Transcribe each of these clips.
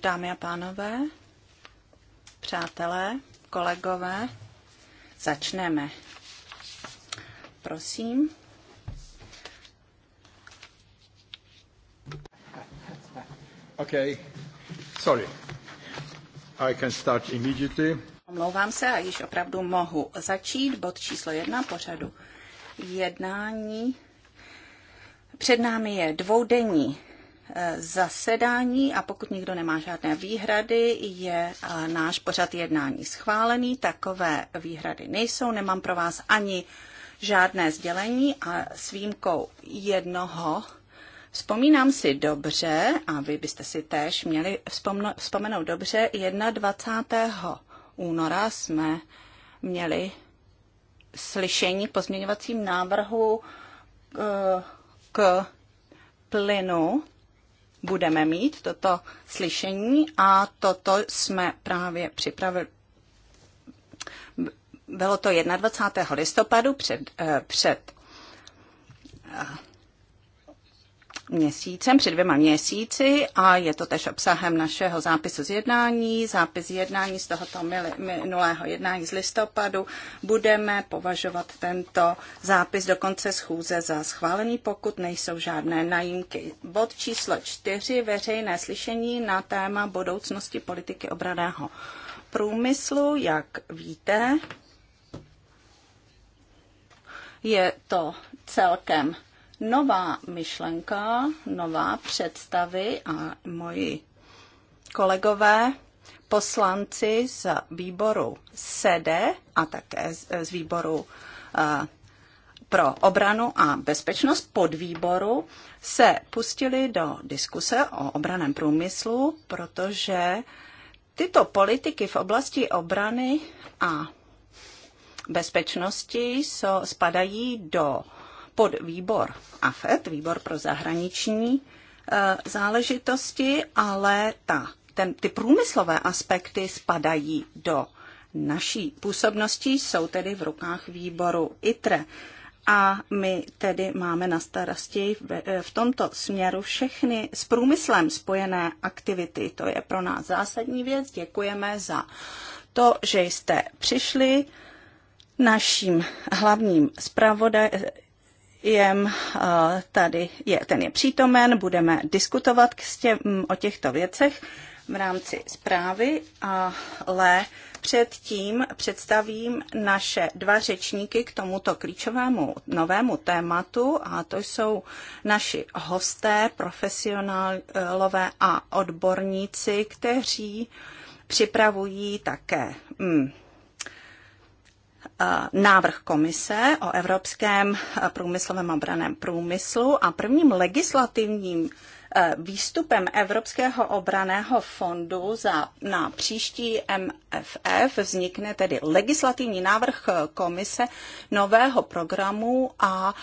Dámy a pánové, přátelé, kolegové, začneme. Prosím. Okay. Sorry. I can start immediately. Omlouvám se a již opravdu mohu začít. Bod číslo jedna pořadu jednání před námi je dvoudenní eh, zasedání a pokud nikdo nemá žádné výhrady, je eh, náš pořad jednání schválený. Takové výhrady nejsou, nemám pro vás ani žádné sdělení a s výjimkou jednoho Vzpomínám si dobře, a vy byste si též měli vzpomenout dobře, 21. února jsme měli slyšení k pozměňovacím návrhu eh, k plynu budeme mít toto slyšení a toto jsme právě připravili. Bylo to 21. listopadu před, eh, před eh, měsícem, před dvěma měsíci a je to tež obsahem našeho zápisu z jednání. Zápis z jednání z tohoto minulého jednání z listopadu budeme považovat tento zápis do konce schůze za schválený, pokud nejsou žádné najímky. Bod číslo čtyři, veřejné slyšení na téma budoucnosti politiky obraného průmyslu, jak víte, je to celkem nová myšlenka, nová představy a moji kolegové poslanci z výboru SEDE a také z, výboru eh, pro obranu a bezpečnost podvýboru se pustili do diskuse o obraném průmyslu, protože tyto politiky v oblasti obrany a bezpečnosti so, spadají do pod výbor AFET, výbor pro zahraniční e, záležitosti, ale ta, ten, ty průmyslové aspekty spadají do naší působnosti, jsou tedy v rukách výboru ITRE. A my tedy máme na starosti e, v, tomto směru všechny s průmyslem spojené aktivity. To je pro nás zásadní věc. Děkujeme za to, že jste přišli. Naším hlavním zpravodajem jem eh, tady je, ten je přítomen, budeme diskutovat k stě, mm, o těchto věcech v rámci zprávy, ale předtím představím naše dva řečníky k tomuto klíčovému novému tématu a to jsou naši hosté, profesionálové a odborníci, kteří připravují také mm, E, návrh komise o evropském e, průmyslovém obraném průmyslu a prvním legislativním e, výstupem Evropského obraného fondu za, na příští MFF vznikne tedy legislativní návrh komise nového programu a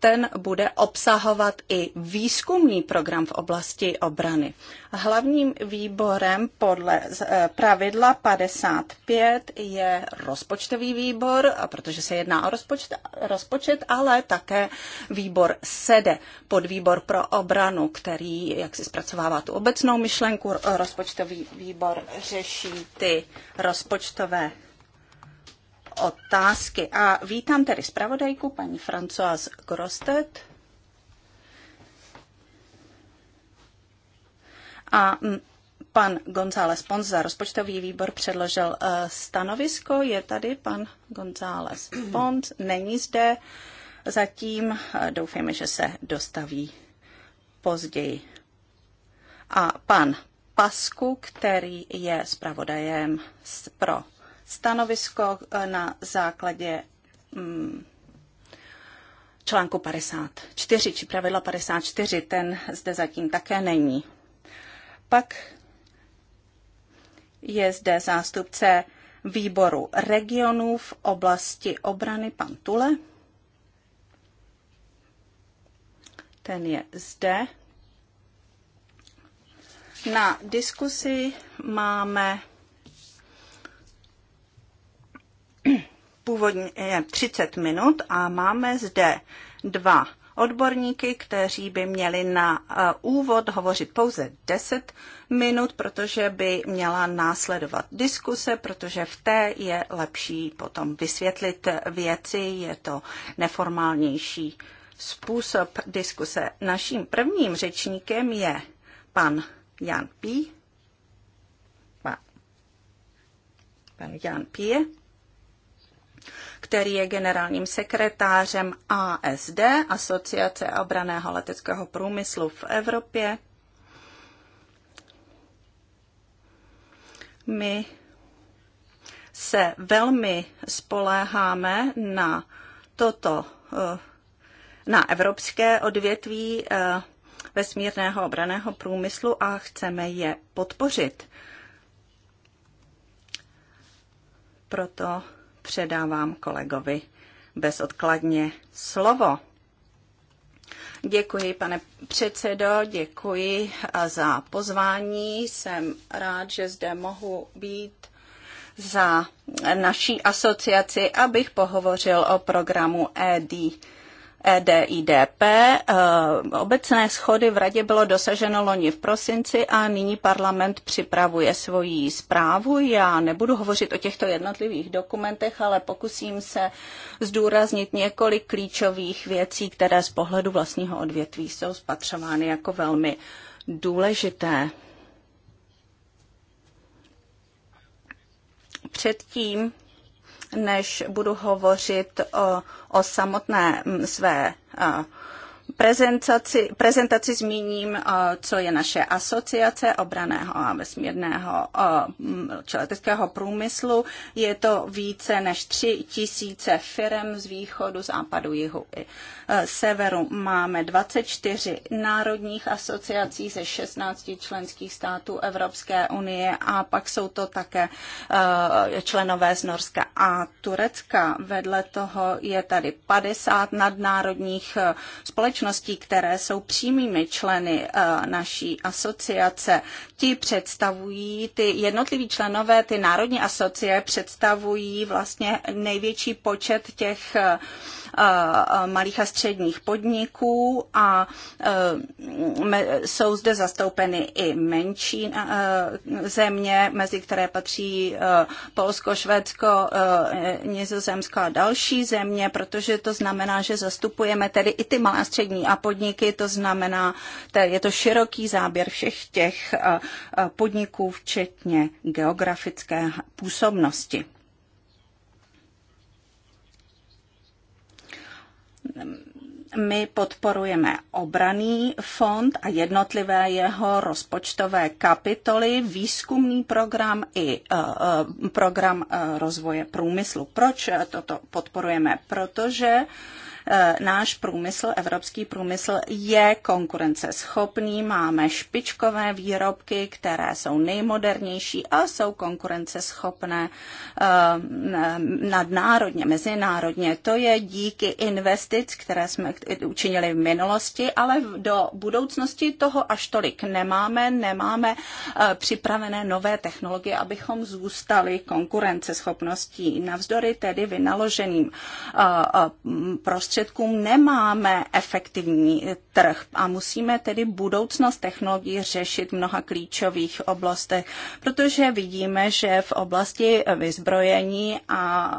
ten bude obsahovat i výzkumný program v oblasti obrany. Hlavním výborem podle eh, pravidla 55 je rozpočtový výbor, protože se jedná o rozpočet, rozpočet ale také výbor SEDE, výbor pro obranu, který, jak si zpracovává tu obecnou myšlenku, rozpočtový výbor řeší ty rozpočtové otázky. A vítám tedy zpravodajku paní Francoise Grostet a pan González Pons za rozpočtový výbor předložil eh, stanovisko. Je tady pan González Pons, není zde zatím. Eh, doufáme, že se dostaví později. A pan Pasku, který je zpravodajem pro stanovisko eh, na základě mm, článku 54 či pravidla 54, ten zde zatím také není. Pak je zde zástupce výboru regionů v oblasti obrany pan Tule. Ten je zde. Na diskusi máme původně 30 minut a máme zde dva odborníky, kteří by měli na eh, úvod hovořit pouze 10 minut, protože by měla následovat diskuse, protože v té je lepší potom vysvětlit věci, je to neformálnější způsob diskuse. Naším prvním řečníkem je pan Jan Pí, pan Jan Pie který je generálním sekretářem ASD, Asociace obraného leteckého průmyslu v Evropě. My se velmi spoléháme na toto, eh, na evropské odvětví eh, vesmírného obraného průmyslu a chceme je podpořit. Proto předávám kolegovi bezodkladně slovo. Děkuji, pane předsedo, děkuji za pozvání. Jsem rád, že zde mohu být za naší asociaci, abych pohovořil o programu ED. EDIDP. Eh, obecné schody v radě bylo dosaženo loni v prosinci a nyní parlament připravuje svoji zprávu. Já nebudu hovořit o těchto jednotlivých dokumentech, ale pokusím se zdůraznit několik klíčových věcí, které z pohledu vlastního odvětví jsou spatřovány jako velmi důležité. Předtím, než budu hovořit o, o samotné své prezentaci, prezentaci zmíním, eh, co je naše asociace obraného a vesmírného eh, čeleteckého průmyslu. Je to více než tři tisíce firm z východu, západu, jihu i eh, severu. Máme 24 národních asociací ze 16 členských států Evropské unie a pak jsou to také členové z Norska a Turecka. Vedle toho je tady 50 nadnárodních společností společností, které jsou přímými členy eh, naší asociace. Ti představují, ty jednotliví členové, ty národní asocie představují vlastně největší počet těch eh, eh, malých a středních podniků a jsou zde zastoupeny i menší země, mezi které patří Polsko, Švédsko, Nizozemsko a další země, protože to znamená, že zastupujeme tedy i ty malé a střední soukromí a podniky, to znamená, je to široký záběr všech těch eh, eh, podniků, včetně geografické působnosti. my podporujeme obraný fond a jednotlivé jeho rozpočtové kapitoly, výzkumný program i eh, program rozvoje průmyslu. Proč toto podporujeme? Protože Eh, náš průmysl, evropský průmysl je konkurenceschopný, máme špičkové výrobky, které jsou nejmodernější a jsou konkurenceschopné eh, nadnárodně, mezinárodně. To je díky investic, které jsme učinili v minulosti, ale do budoucnosti toho až tolik nemáme. Nemáme eh, připravené nové technologie, abychom zůstali konkurenceschopností. Navzdory tedy vynaloženým prostředím prostředkům nemáme efektivní trh a musíme tedy budoucnost technologií řešit v mnoha klíčových oblastech, protože vidíme, že v oblasti vyzbrojení a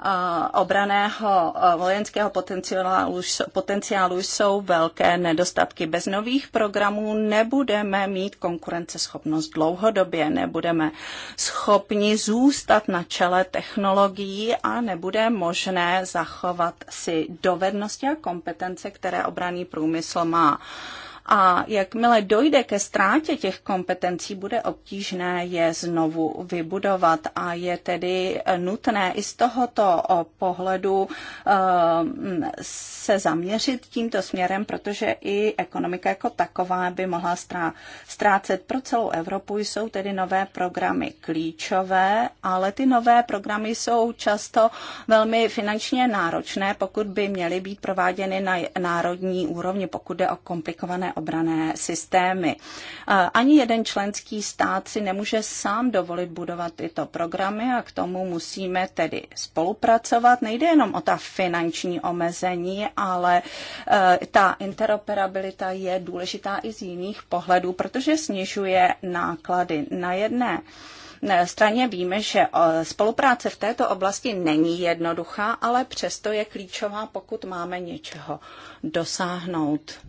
Eh, obraného eh, vojenského potenciálu, potenciálu jsou velké nedostatky. Bez nových programů nebudeme mít konkurenceschopnost dlouhodobě, nebudeme schopni zůstat na čele technologií a nebude možné zachovat si dovednosti a kompetence, které obraný průmysl má. Uh, a jakmile dojde ke ztrátě těch kompetencí, bude obtížné je znovu vybudovat a je tedy nutné i z tohoto pohledu eh, se zaměřit tímto směrem, protože i ekonomika jako taková by mohla ztrácet pro celou Evropu. Jsou tedy nové programy klíčové, ale ty nové programy jsou často velmi finančně náročné, pokud by měly být prováděny na národní úrovni, pokud jde o komplikované obrané systémy. Ani jeden členský stát si nemůže sám dovolit budovat tyto programy a k tomu musíme tedy spolupracovat. Nejde jenom o ta finanční omezení, ale eh, ta interoperabilita je důležitá i z jiných pohledů, protože snižuje náklady na jedné straně víme, že eh, spolupráce v této oblasti není jednoduchá, ale přesto je klíčová, pokud máme něčeho dosáhnout.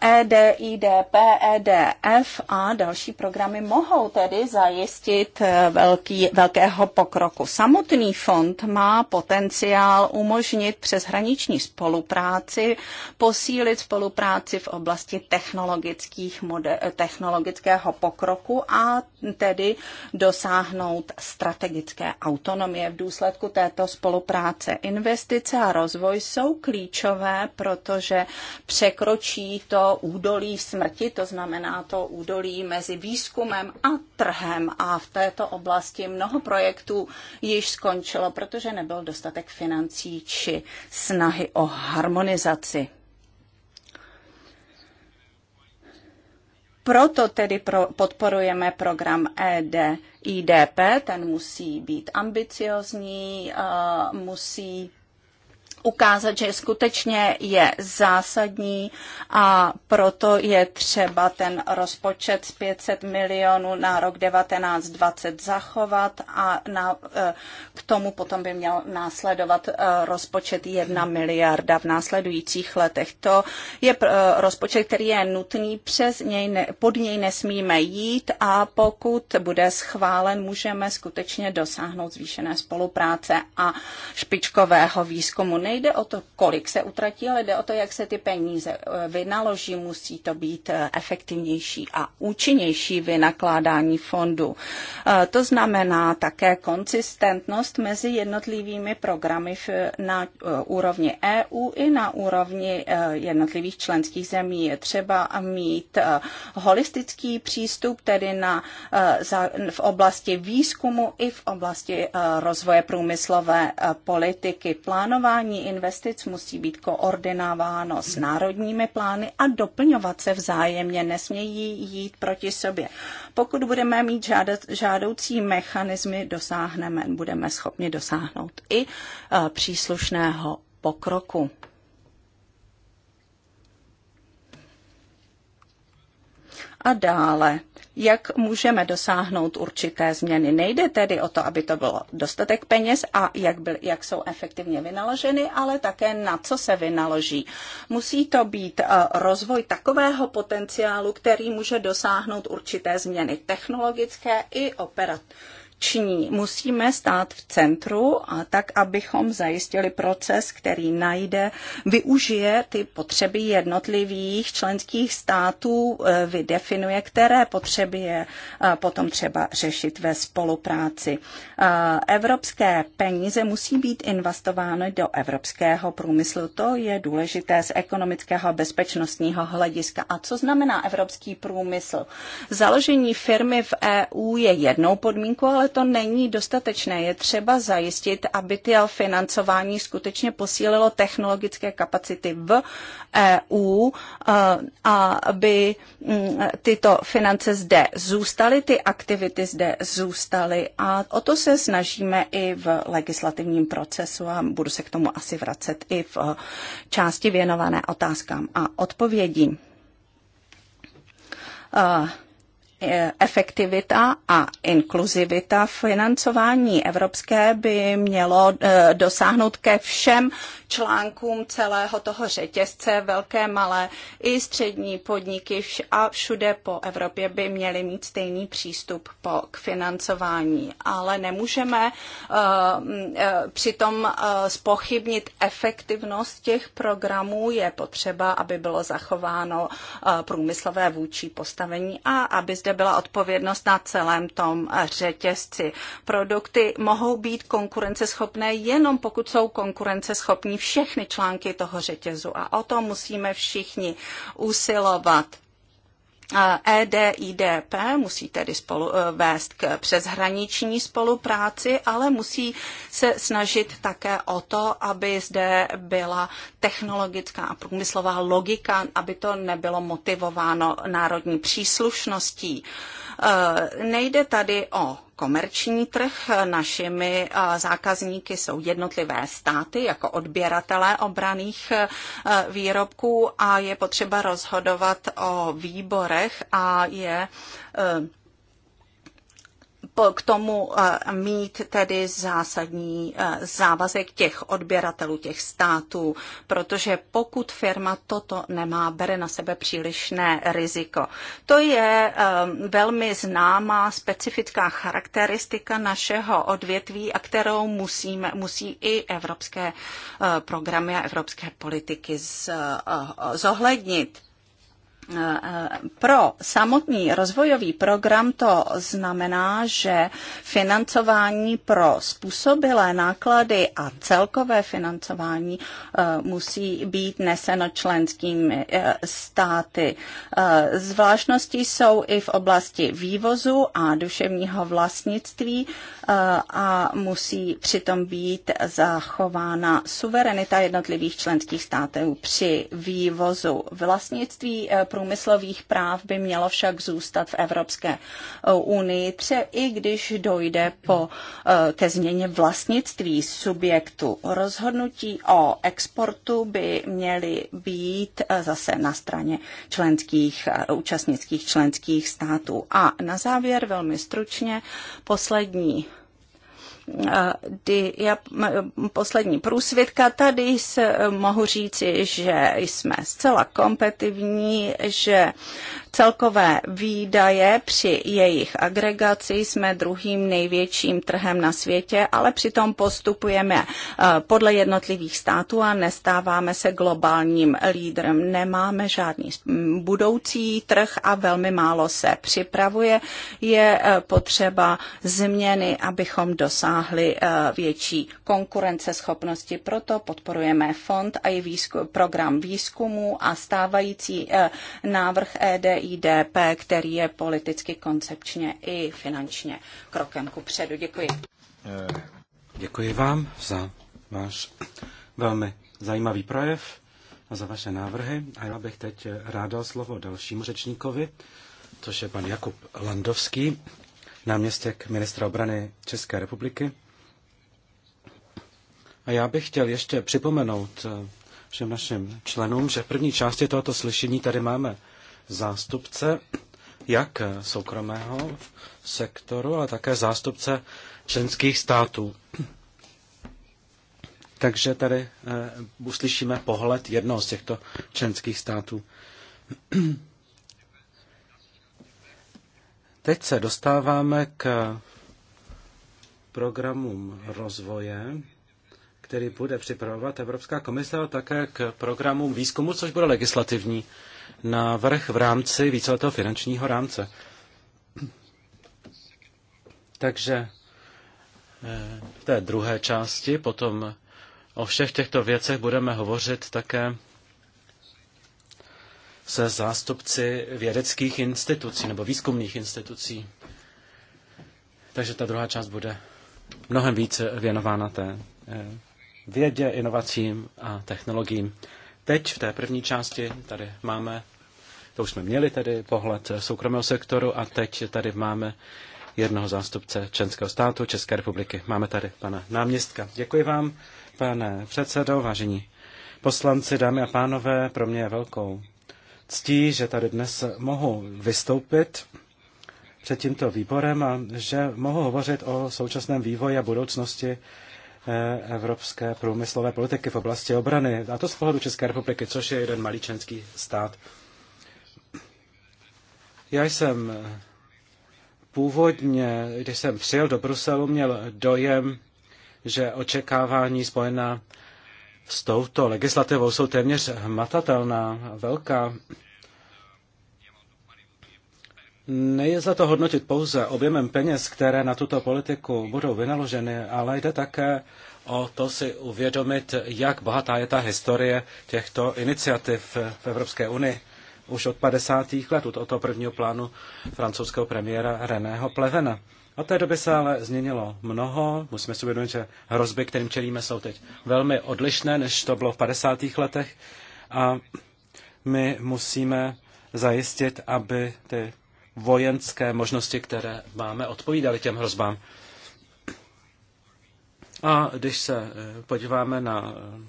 EDIDP, EDF a další programy mohou tedy zajistit e, velký, velkého pokroku. Samotný fond má potenciál umožnit přeshraniční spolupráci, posílit spolupráci v oblasti technologických mode, technologického pokroku a tedy dosáhnout strategické autonomie v důsledku této spolupráce. Investice a rozvoj jsou klíčové, protože překročí to údolí smrti, to znamená to údolí mezi výzkumem a trhem. A v této oblasti mnoho projektů již skončilo, protože nebyl dostatek financí či snahy o harmonizaci. Proto tedy pro, podporujeme program ED, IDP, ten musí být ambiciozní, uh, musí ukázat, že skutečně je zásadní a proto je třeba ten rozpočet z 500 milionů na rok 1920 zachovat a na, e, k tomu potom by měl následovat e, rozpočet 1 miliarda v následujících letech. To je e, rozpočet, který je nutný, přes něj, pod něj nesmíme jít a pokud bude schválen, můžeme skutečně dosáhnout zvýšené spolupráce a špičkového výzkumu Nejde o to, kolik se utratí, ale jde o to, jak se ty peníze eh, vynaloží. Musí to být eh, efektivnější a účinnější vynakládání fondu. Eh, to znamená také konsistentnost mezi jednotlivými programy na úrovni EU i na úrovni jednotlivých členských zemí. Je třeba mít holistický přístup, tedy na, v oblasti výzkumu i v oblasti rozvoje průmyslové politiky. Plánování plánování investic musí být koordinováno s národními plány a doplňovat se vzájemně, nesmějí jít proti sobě. Pokud budeme mít žádat, žádoucí mechanismy, dosáhneme, budeme schopni dosáhnout i e, příslušného pokroku. A dále jak můžeme dosáhnout určité změny. Nejde tedy o to, aby to bylo dostatek peněz a jak, byl, jak jsou efektivně vynaloženy, ale také na co se vynaloží. Musí to být eh, rozvoj takového potenciálu, který může dosáhnout určité změny technologické i operativní činí. Musíme stát v centru a tak, abychom zajistili proces, který najde, využije ty potřeby jednotlivých členských států, eh, vydefinuje, které potřeby je eh, potom třeba řešit ve spolupráci. Eh, evropské peníze musí být investovány do evropského průmyslu. To je důležité z ekonomického a bezpečnostního hlediska. A co znamená evropský průmysl? Založení firmy v EU je jednou podmínkou, ale ale to není dostatečné. Je třeba zajistit, aby ty financování skutečně posílilo technologické kapacity v EU, eh, a aby mm, tyto finance zde zůstaly, ty aktivity zde zůstaly a o to se snažíme i v legislativním procesu a budu se k tomu asi vracet i v eh, části věnované otázkám a odpovědím. Uh, Eh, efektivita a inkluzivita financování evropské by mělo eh, dosáhnout ke všem článkům celého toho řetězce, velké, malé i střední podniky a všude po Evropě by měly mít stejný přístup po, k financování. Ale nemůžeme uh, uh, přitom uh, spochybnit efektivnost těch programů. Je potřeba, aby bylo zachováno uh, průmyslové vůči postavení a aby zde byla odpovědnost na celém tom řetězci. Produkty mohou být konkurenceschopné jenom pokud jsou konkurenceschopní všechny články toho řetězu a o to musíme všichni usilovat. EDIDP musí tedy spolu, eh, vést k přeshraniční spolupráci, ale musí se snažit také o to, aby zde byla technologická a průmyslová logika, aby to nebylo motivováno národní příslušností. Eh, nejde tady o komerční trh. Našimi eh, zákazníky jsou jednotlivé státy jako odběratelé obraných eh, výrobků a je potřeba rozhodovat o výborech a je eh, k tomu eh, mít tedy zásadní eh, závazek těch odběratelů, těch států, protože pokud firma toto nemá, bere na sebe přílišné riziko. To je eh, velmi známá specifická charakteristika našeho odvětví a kterou musíme, musí i evropské programy a evropské politiky zohlednit pro samotný rozvojový program to znamená, že financování pro způsobilé náklady a celkové financování eh, musí být neseno členskými eh, státy. Eh, zvláštnosti jsou i v oblasti vývozu a duševního vlastnictví a musí přitom být zachována suverenita jednotlivých členských států při vývozu vlastnictví pro průmyslových práv by mělo však zůstat v Evropské eh, unii, tře i když dojde po, eh, ke změně vlastnictví subjektu. Rozhodnutí o exportu by měly být eh, zase na straně členských, účastnických členských států. A na závěr velmi stručně poslední poslední průsvědka. Tady se mohu říci, že jsme zcela kompetivní, že Celkové výdaje při jejich agregaci jsme druhým největším trhem na světě, ale přitom postupujeme eh, podle jednotlivých států a nestáváme se globálním lídrem. Nemáme žádný budoucí trh a velmi málo se připravuje. Je eh, potřeba změny, abychom dosáhli eh, větší konkurenceschopnosti. Proto podporujeme fond a i výzkum, program výzkumu a stávající návrh ED IDP, který je politicky, koncepčně i finančně krokem ku předu. Děkuji. Eh, děkuji vám za váš velmi zajímavý projev a za vaše návrhy. A já bych teď rád dal slovo dalšímu řečníkovi, což je pan Jakub Landovský, náměstek ministra obrany České republiky. A já bych chtěl ještě připomenout eh, všem našim členům, že v první části tohoto slyšení tady máme zástupce jak soukromého sektoru, ale také zástupce členských států. Takže tady eh, uslyšíme pohled jednoho z těchto členských států. Teď se dostáváme k programům rozvoje který bude připravovat Evropská komise ale také k programům výzkumu, což bude legislativní návrh v rámci víceletého finančního rámce. Takže eh, v té druhé části potom o všech těchto věcech budeme hovořit také se zástupci vědeckých institucí nebo výzkumných institucí. Takže ta druhá část bude mnohem více věnována té eh, vědě, inovacím a technologiím. Teď v té první části tady máme, to už jsme měli tedy pohled soukromého sektoru a teď tady máme jednoho zástupce českého státu České republiky. Máme tady pana náměstka. Děkuji vám, pane předsedo, vážení poslanci, dámy a pánové, pro mě je velkou ctí, že tady dnes mohu vystoupit před tímto výborem a že mohu hovořit o současném vývoji a budoucnosti Eh, evropské průmyslové politiky v oblasti obrany, a to z pohledu České republiky, což je jeden malý členský stát. Já jsem eh, původně, když jsem přijel do Bruselu, měl dojem, že očekávání spojená s touto legislativou jsou téměř hmatatelná, velká. Nejde to hodnotit pouze objemem peněz, které na tuto politiku budou vynaloženy, ale jde také o to si uvědomit, jak bohatá je ta historie těchto iniciativ v Evropské unii. Už od 50. let, od toho prvního plánu francouzského premiéra Reného Plevena. Od té doby se ale změnilo mnoho. Musíme si uvědomit, že hrozby, kterým čelíme, jsou teď velmi odlišné, než to bylo v 50. letech. A my musíme zajistit, aby ty vojenské možnosti, které máme, odpovídaly těm hrozbám. A když se eh, podíváme na eh,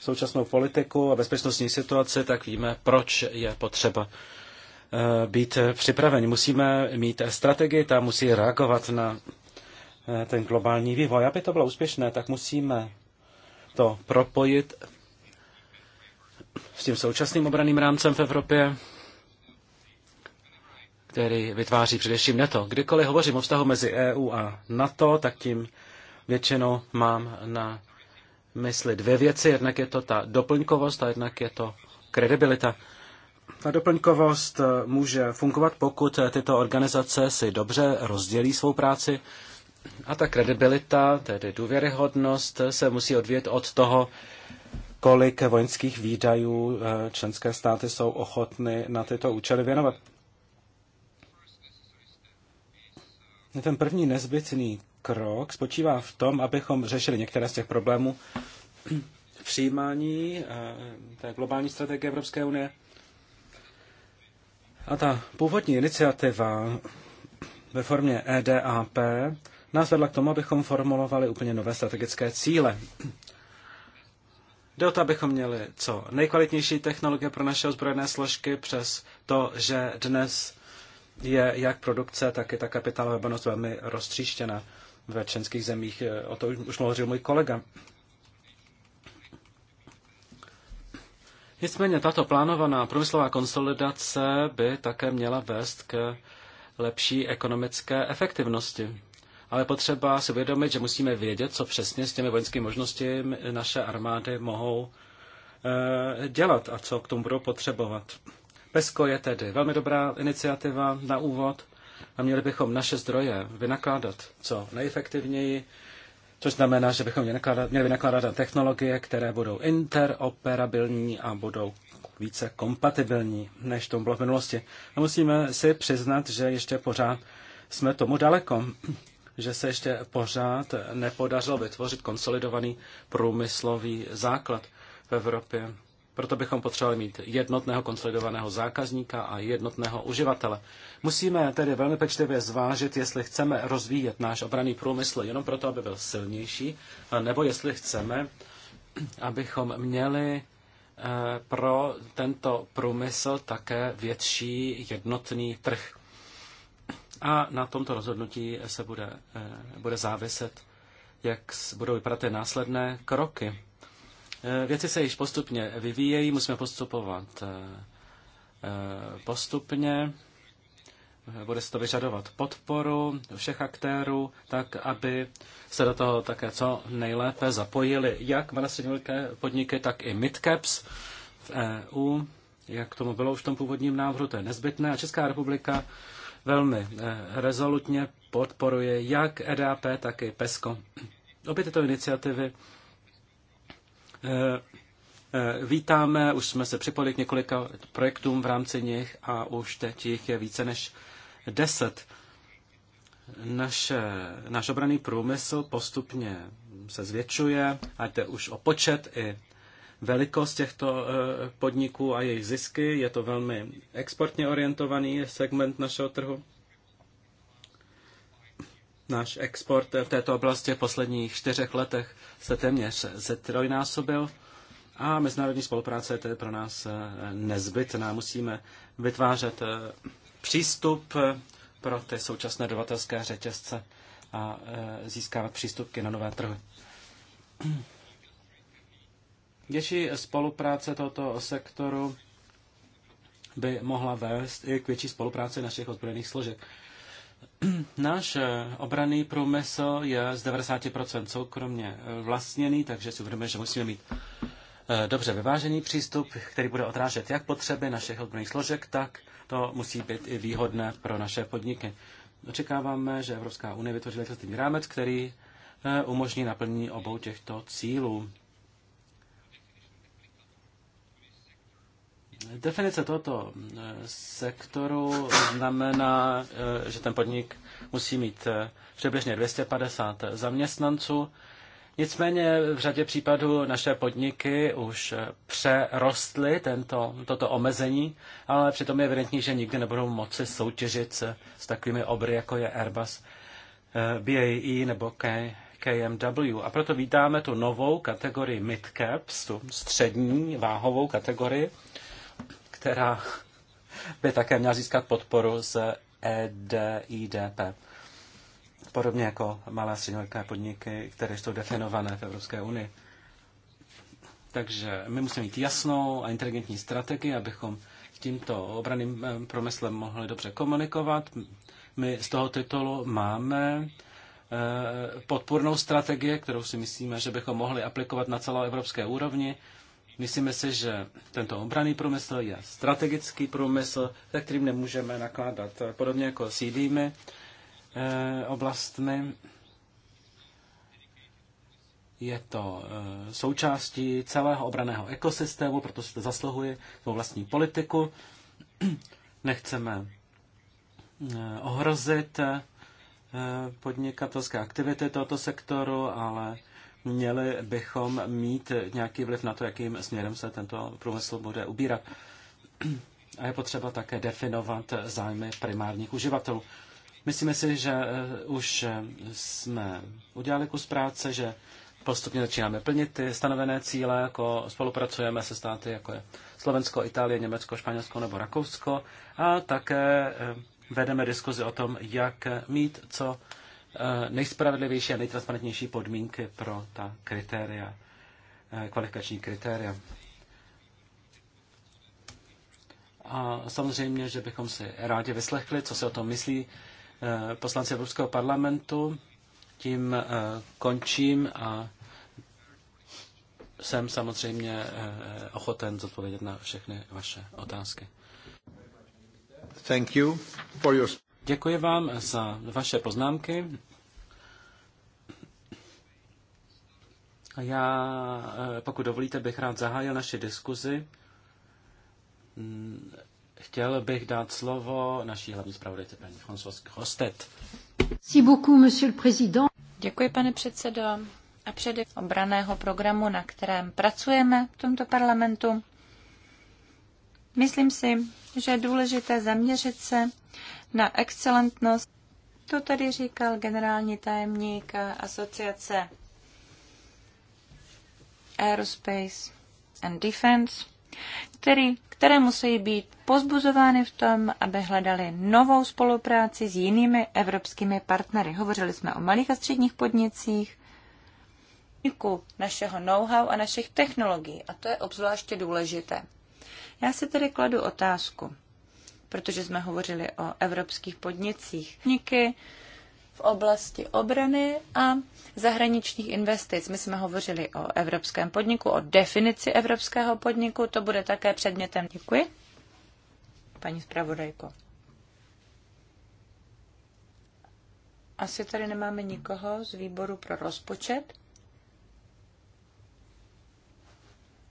současnou politiku a bezpečnostní situaci, tak víme, proč je potřeba eh, být připraveni. Musíme mít strategii, ta musí reagovat na ten globální vývoj. Aby to bylo úspěšné, tak musíme to propojit s tím současným obraným rámcem v Evropě, který vytváří především NATO. Kdykoliv hovořím o vztahu mezi EU a NATO, tak tím většinou mám na mysli dvě věci. Jednak je to ta doplňkovost a jednak je to kredibilita. Ta doplňkovost eh, může fungovat, pokud eh, tyto organizace si dobře rozdělí svou práci. A ta kredibilita, tedy důvěryhodnost, eh, se musí odvíjet od toho, kolik vojenských výdajů členské státy jsou ochotny na tyto účely věnovat. No, ten první nezbytný krok spočívá v tom, abychom řešili některé z těch problémů přijímání eh, té globální strategie Evropské unie. A ta původní iniciativa ve formě EDAP nás vedla k tomu, abychom formulovali úplně nové strategické cíle. Jde o to, abychom měli co nejkvalitnější technologie pro naše ozbrojené složky přes to, že dnes je jak produkce, tak i ta kapitálová bonost velmi roztříštěna ve členských zemích. E, o to už mluvil můj kolega. Nicméně tato plánovaná průmyslová konsolidace by také měla vést k lepší ekonomické efektivnosti. Ale potřeba si uvědomit, že musíme vědět, co přesně s těmi vojenskými možnosti naše armády mohou e, dělat a co k tomu budou potřebovat. PESCO je tedy velmi dobrá iniciativa na úvod a měli bychom naše zdroje vynakládat co nejefektivněji, což znamená, že bychom měli vynakládat, měli vynakládat na technologie, které budou interoperabilní a budou více kompatibilní, než tomu bylo v minulosti. A musíme si přiznat, že ještě pořád jsme tomu daleko, že se ještě pořád nepodařilo vytvořit konsolidovaný průmyslový základ v Evropě. Proto bychom potřebovali mít jednotného konsolidovaného zákazníka a jednotného uživatele. Musíme tedy velmi pečlivě zvážit, jestli chceme rozvíjet náš obraný průmysl jenom proto, aby byl silnější, nebo jestli chceme, abychom měli eh, pro tento průmysl také větší jednotný trh. A na tomto rozhodnutí se bude, eh, bude záviset, jak budou vypadat ty následné kroky. Eh, věci se již postupně vyvíjejí, musíme postupovat eh, eh, postupně. Bude se to vyžadovat podporu všech aktérů, tak aby se do toho také co nejlépe zapojili jak malé velké podniky, tak i midcaps v EU. Jak tomu bylo už v tom původním návrhu, to je nezbytné. A Česká republika velmi rezolutně podporuje jak EDAP, tak i PESCO. Obě tyto iniciativy Eh, eh, vítáme, už jsme se připojili k několika projektům v rámci nich a už teď jich je více než deset. náš obraný průmysl postupně se zvětšuje, ať jde už o počet i velikost těchto eh, podniků a jejich zisky. Je to velmi exportně orientovaný segment našeho trhu. Náš export v této oblasti v posledních čtyřech letech se téměř zetrojnásobil a mezinárodní spolupráce je tedy pro nás eh, nezbytná. Musíme vytvářet eh, přístup eh, pro ty současné dodavatelské řetězce a získávat přístupky na nové trhy. Větší spolupráce tohoto sektoru by mohla vést i k větší spolupráci našich ozbrojených složek. Náš eh, obraný průmysl je z 90% soukromně eh, vlastněný, takže si uvědomujeme, že musíme mít eh, dobře vyvážený přístup, který bude odrážet jak potřeby našich odborných složek, tak to musí být i výhodné pro naše podniky. Očekáváme, že Evropská unie vytvoří legislativní rámec, který umožní naplnění obou těchto cílů. Definice tohoto eh, sektoru znamená, eh, že ten podnik musí mít eh, přibližně 250 zaměstnanců. Nicméně v řadě případů naše podniky už přerostly tento, toto omezení, ale přitom je evidentní, že nikdy nebudou moci soutěžit s, s takovými obry, jako je Airbus, BAE nebo K, KMW. A proto vítáme tu novou kategorii midcaps, tu střední váhovou kategorii, která by také měla získat podporu z EDIDP. Podobně jako malé a střední podniky, které jsou definované v Evropské unii. Takže my musíme mít jasnou a inteligentní strategii, abychom s tímto obraným eh, promyslem mohli dobře komunikovat. My z toho titulu máme eh, podpornou strategii, kterou si myslíme, že bychom mohli aplikovat na celou evropské úrovni. Myslíme si, že tento obraný průmysl je strategický průmysl, se kterým nemůžeme nakládat podobně jako s jinými eh, oblastmi. Je to eh, součástí celého obraného ekosystému, proto si to zasluhuje svou vlastní politiku. Nechceme eh, ohrozit podnikatelské aktivity tohoto sektoru, ale měli bychom mít nějaký vliv na to, jakým směrem se tento průmysl bude ubírat. A je potřeba také definovat zájmy primárních uživatelů. Myslíme si, že eh, už eh, jsme udělali kus práce, že postupně začínáme plnit ty stanovené cíle, jako spolupracujeme se státy, jako je Slovensko, Itálie, Německo, Španělsko nebo Rakousko a také eh, vedeme diskuzi o tom, jak mít co Eh, nejspravedlivější a nejtransparentnější podmínky pro ta kritéria, eh, kvalifikační kritéria. A samozřejmě, že bychom si rádi vyslechli, co se o tom myslí eh, poslanci Evropského parlamentu. Tím končím a jsem samozřejmě ochoten zodpovědět na všechny vaše otázky. Thank you for your... Děkuji vám za vaše poznámky. A já, eh, pokud dovolíte, bych rád zahájil naši diskuzi. Mm, chtěl bych dát slovo naší hlavní zpravodajce paní Françoise Krostet. Děkuji, pane předsedo. A přede obraného programu, na kterém pracujeme v tomto parlamentu, myslím si, že je důležité zaměřit se na excelentnost. To tady říkal generální tajemník asociace Aerospace and Defense, který, které musí být pozbuzovány v tom, aby hledali novou spolupráci s jinými evropskými partnery. Hovořili jsme o malých a středních podnicích, našeho know-how a našich technologií. A to je obzvláště důležité. Já si tedy kladu otázku protože jsme hovořili o evropských podnicích. Podniky v oblasti obrany a zahraničních investic. My jsme hovořili o evropském podniku, o definici evropského podniku. To bude také předmětem. Děkuji. Paní zpravodajko. Asi tady nemáme nikoho z výboru pro rozpočet,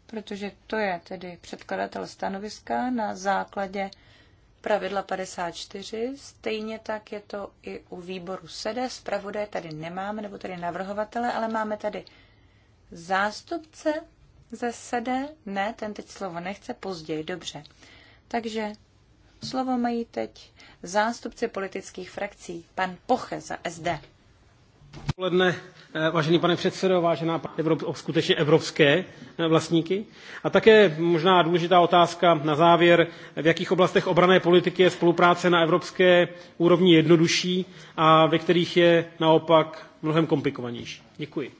protože to je tedy předkladatel stanoviska na základě pravidla 54. Stejně tak je to i u výboru SEDE. Zpravodaje tady nemáme, nebo tady navrhovatele, ale máme tady zástupce ze SEDE. Ne, ten teď slovo nechce, později, dobře. Takže slovo mají teď zástupci politických frakcí, pan Poche za SD. Poledne, eh, vážený pane předsedo, vážená Evrop, skutečně evropské eh, vlastníky. A také možná důležitá otázka na závěr, v jakých oblastech obrané politiky je spolupráce na evropské úrovni jednodušší a ve kterých je naopak mnohem komplikovanější. Děkuji.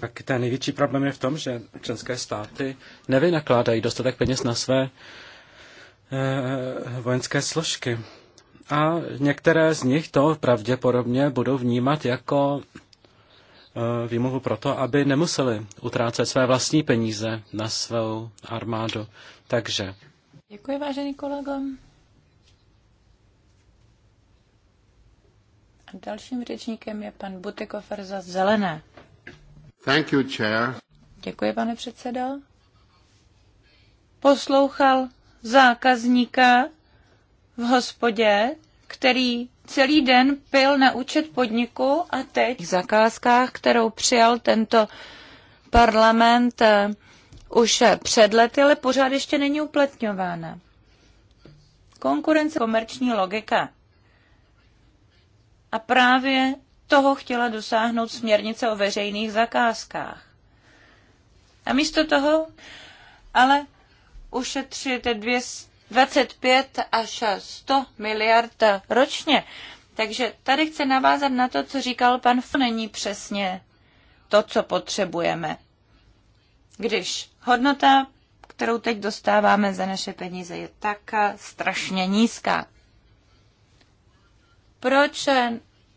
Tak ten největší problém je v tom, že členské státy nevynakládají dostatek peněz na své eh, vojenské složky. A některé z nich to pravděpodobně budou vnímat jako eh, výmluvu pro to, aby nemuseli utrácet své vlastní peníze na svou armádu. Takže. Děkuji, vážený kolego. A dalším řečníkem je pan Butekofer za zelené. Thank you, chair. Děkuji, pane předsedo. Poslouchal zákazníka v hospodě, který celý den pil na účet podniku a teď v zakázkách, kterou přijal tento parlament eh, už eh, před lety, ale pořád ještě není uplatňována. Konkurence komerční logika. A právě toho chtěla dosáhnout směrnice o veřejných zakázkách. A místo toho ale ušetřit 200 25 až 100 miliard ročně. Takže tady chci navázat na to, co říkal pan F. Není přesně to, co potřebujeme. Když hodnota, kterou teď dostáváme za naše peníze, je tak strašně nízká. Proč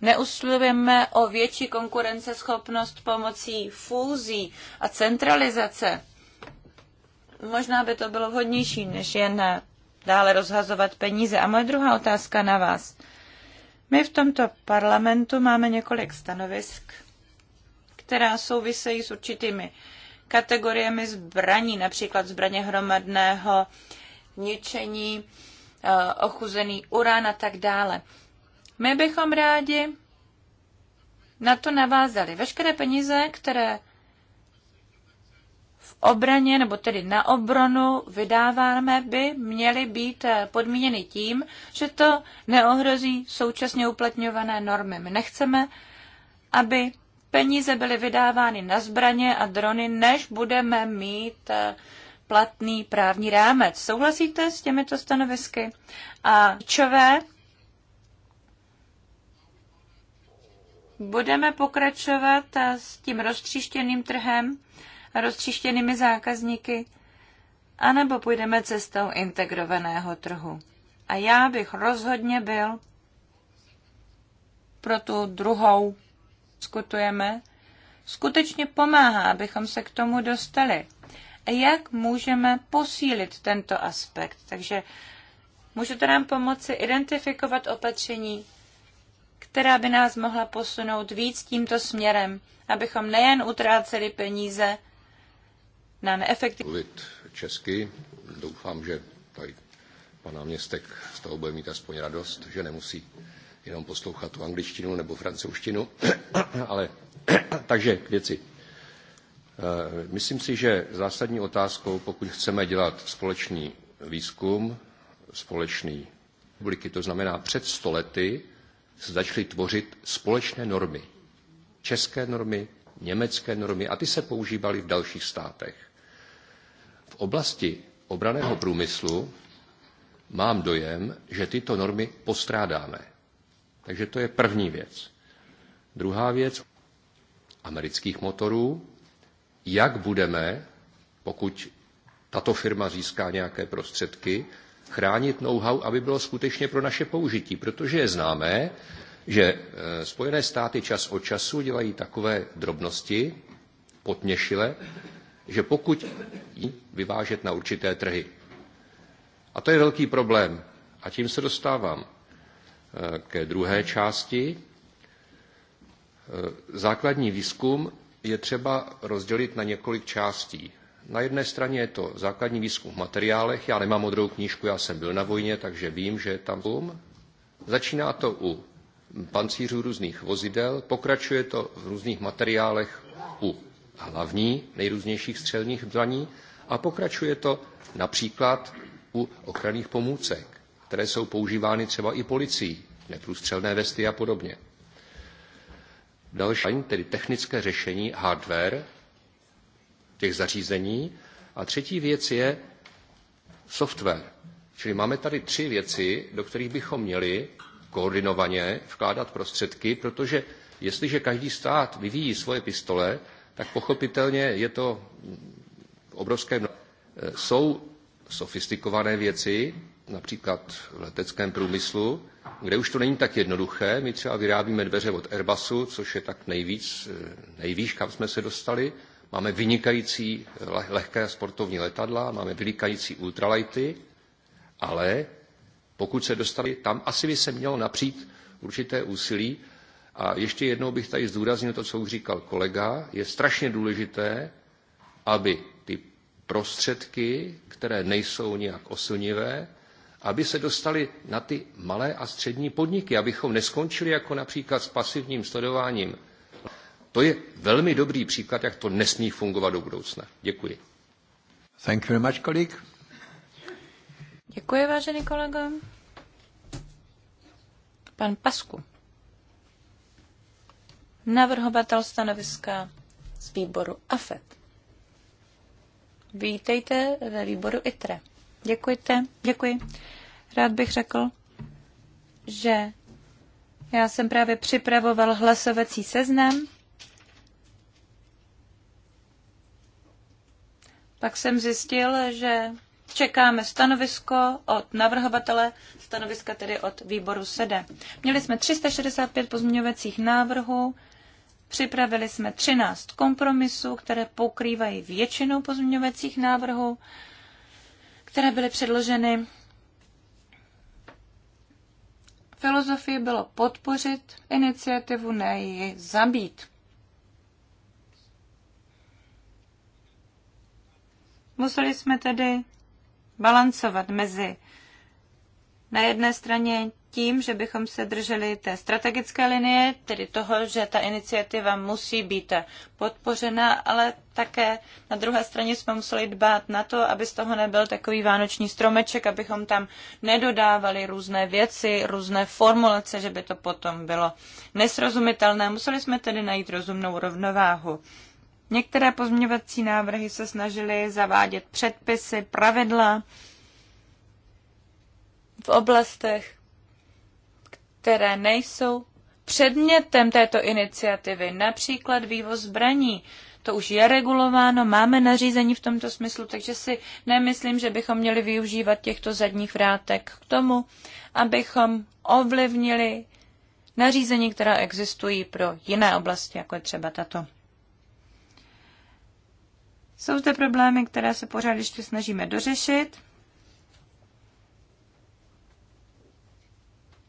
neusilujeme o větší konkurenceschopnost pomocí fúzí a centralizace? Možná by to bylo vhodnější, než jen dále rozhazovat peníze. A moje druhá otázka na vás. My v tomto parlamentu máme několik stanovisk, která souvisejí s určitými kategoriemi zbraní, například zbraně hromadného ničení, eh, ochuzený urán a tak dále. My bychom rádi na to navázali. Veškeré peníze, které obraně, nebo tedy na obronu vydáváme, by měly být eh, podmíněny tím, že to neohrozí současně uplatňované normy. My nechceme, aby peníze byly vydávány na zbraně a drony, než budeme mít eh, platný právní rámec. Souhlasíte s těmito stanovisky? A čové? budeme pokračovat eh, s tím roztříštěným trhem roztříštěnými zákazníky, anebo půjdeme cestou integrovaného trhu. A já bych rozhodně byl pro tu druhou Skutujeme. skutečně pomáhá, abychom se k tomu dostali. A jak můžeme posílit tento aspekt? Takže můžete nám pomoci identifikovat opatření, která by nás mohla posunout víc tímto směrem, abychom nejen utráceli peníze, na neefektivní... Mluvit česky, doufám, že tady pan náměstek z toho bude mít aspoň radost, že nemusí jenom poslouchat tu angličtinu nebo francouzštinu, ale takže k věci. Eh, myslím si, že zásadní otázkou, pokud chceme dělat společný výzkum, společný publiky, to znamená před stolety, se začaly tvořit společné normy. České normy, německé normy a ty se používaly v dalších státech oblasti obraného průmyslu mám dojem, že tyto normy postrádáme. Takže to je první věc. Druhá věc amerických motorů. Jak budeme, pokud tato firma získá nějaké prostředky, chránit know-how, aby bylo skutečně pro naše použití, protože je známé, že e, Spojené státy čas od času dělají takové drobnosti, potněšile, že pokud vyvážet na určité trhy. A to je velký problém. A tím se dostávám eh, ke druhé části. Eh, základní výzkum je třeba rozdělit na několik částí. Na jedné straně je to základní výzkum v materiálech. Já nemám modrou knížku, já jsem byl na vojně, takže vím, že je tam bum. Začíná to u pancířů různých vozidel, pokračuje to v různých materiálech u hlavní nejrůznějších střelných zbraní a pokračuje to například u ochranných pomůcek, které jsou používány třeba i policií, neprůstřelné vesty a podobně. Další, tedy technické řešení hardware těch zařízení. A třetí věc je software. Čili máme tady tři věci, do kterých bychom měli koordinovaně vkládat prostředky, protože jestliže každý stát vyvíjí svoje pistole, tak pochopitelně je to obrovské eh, Jsou sofistikované věci, například v leteckém průmyslu, kde už to není tak jednoduché. My třeba vyrábíme dveře od Airbusu, což je tak nejvíc, eh, nejvíc, kam jsme se dostali. Máme vynikající eh, lehké sportovní letadla, máme vynikající ultralighty, ale pokud se dostali, tam asi by se mělo napřít určité úsilí, a ještě jednou bych tady zdůraznil to, co už říkal kolega. Je strašně důležité, aby ty prostředky, které nejsou nějak osunivé, aby se dostali na ty malé a střední podniky, abychom neskončili jako například s pasivním sledováním. To je velmi dobrý příklad, jak to nesmí fungovat do budoucna. Děkuji. Thank you very much, colleague. Děkuji, vážený kolego. Pan Pasku navrhovatel stanoviska z výboru AFET. Vítejte ve výboru ITRE. Děkujte, děkuji. Rád bych řekl, že já jsem právě připravoval hlasovací seznam. Pak jsem zjistil, že čekáme stanovisko od navrhovatele, stanoviska tedy od výboru SEDE. Měli jsme 365 pozměňovacích návrhů, Připravili jsme 13 kompromisů, které pokrývají většinu pozměňovacích návrhů, které byly předloženy. Filozofie bylo podpořit iniciativu, ne ji zabít. Museli jsme tedy balancovat mezi na jedné straně tím, že bychom se drželi té strategické linie, tedy toho, že ta iniciativa musí být podpořena, ale také na druhé straně jsme museli dbát na to, aby z toho nebyl takový vánoční stromeček, abychom tam nedodávali různé věci, různé formulace, že by to potom bylo nesrozumitelné. Museli jsme tedy najít rozumnou rovnováhu. Některé pozměňovací návrhy se snažily zavádět předpisy, pravidla v oblastech, které nejsou předmětem této iniciativy, například vývoz zbraní. To už je regulováno, máme nařízení v tomto smyslu, takže si nemyslím, že bychom měli využívat těchto zadních vrátek k tomu, abychom ovlivnili nařízení, která existují pro jiné oblasti, jako je třeba tato. Jsou zde problémy, které se pořád ještě snažíme dořešit.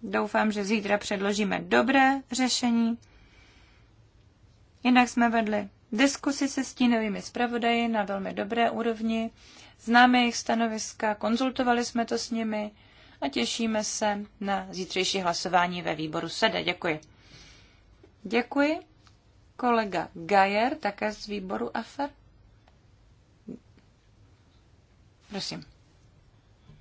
Doufám, že zítra předložíme dobré řešení. Jinak jsme vedli diskusi se stínovými zpravodaji na velmi dobré úrovni. Známe jejich stanoviska, konzultovali jsme to s nimi a těšíme se na zítřejší hlasování ve výboru SEDE. Děkuji. Děkuji. Kolega Gajer, také z výboru AFER. Prosím.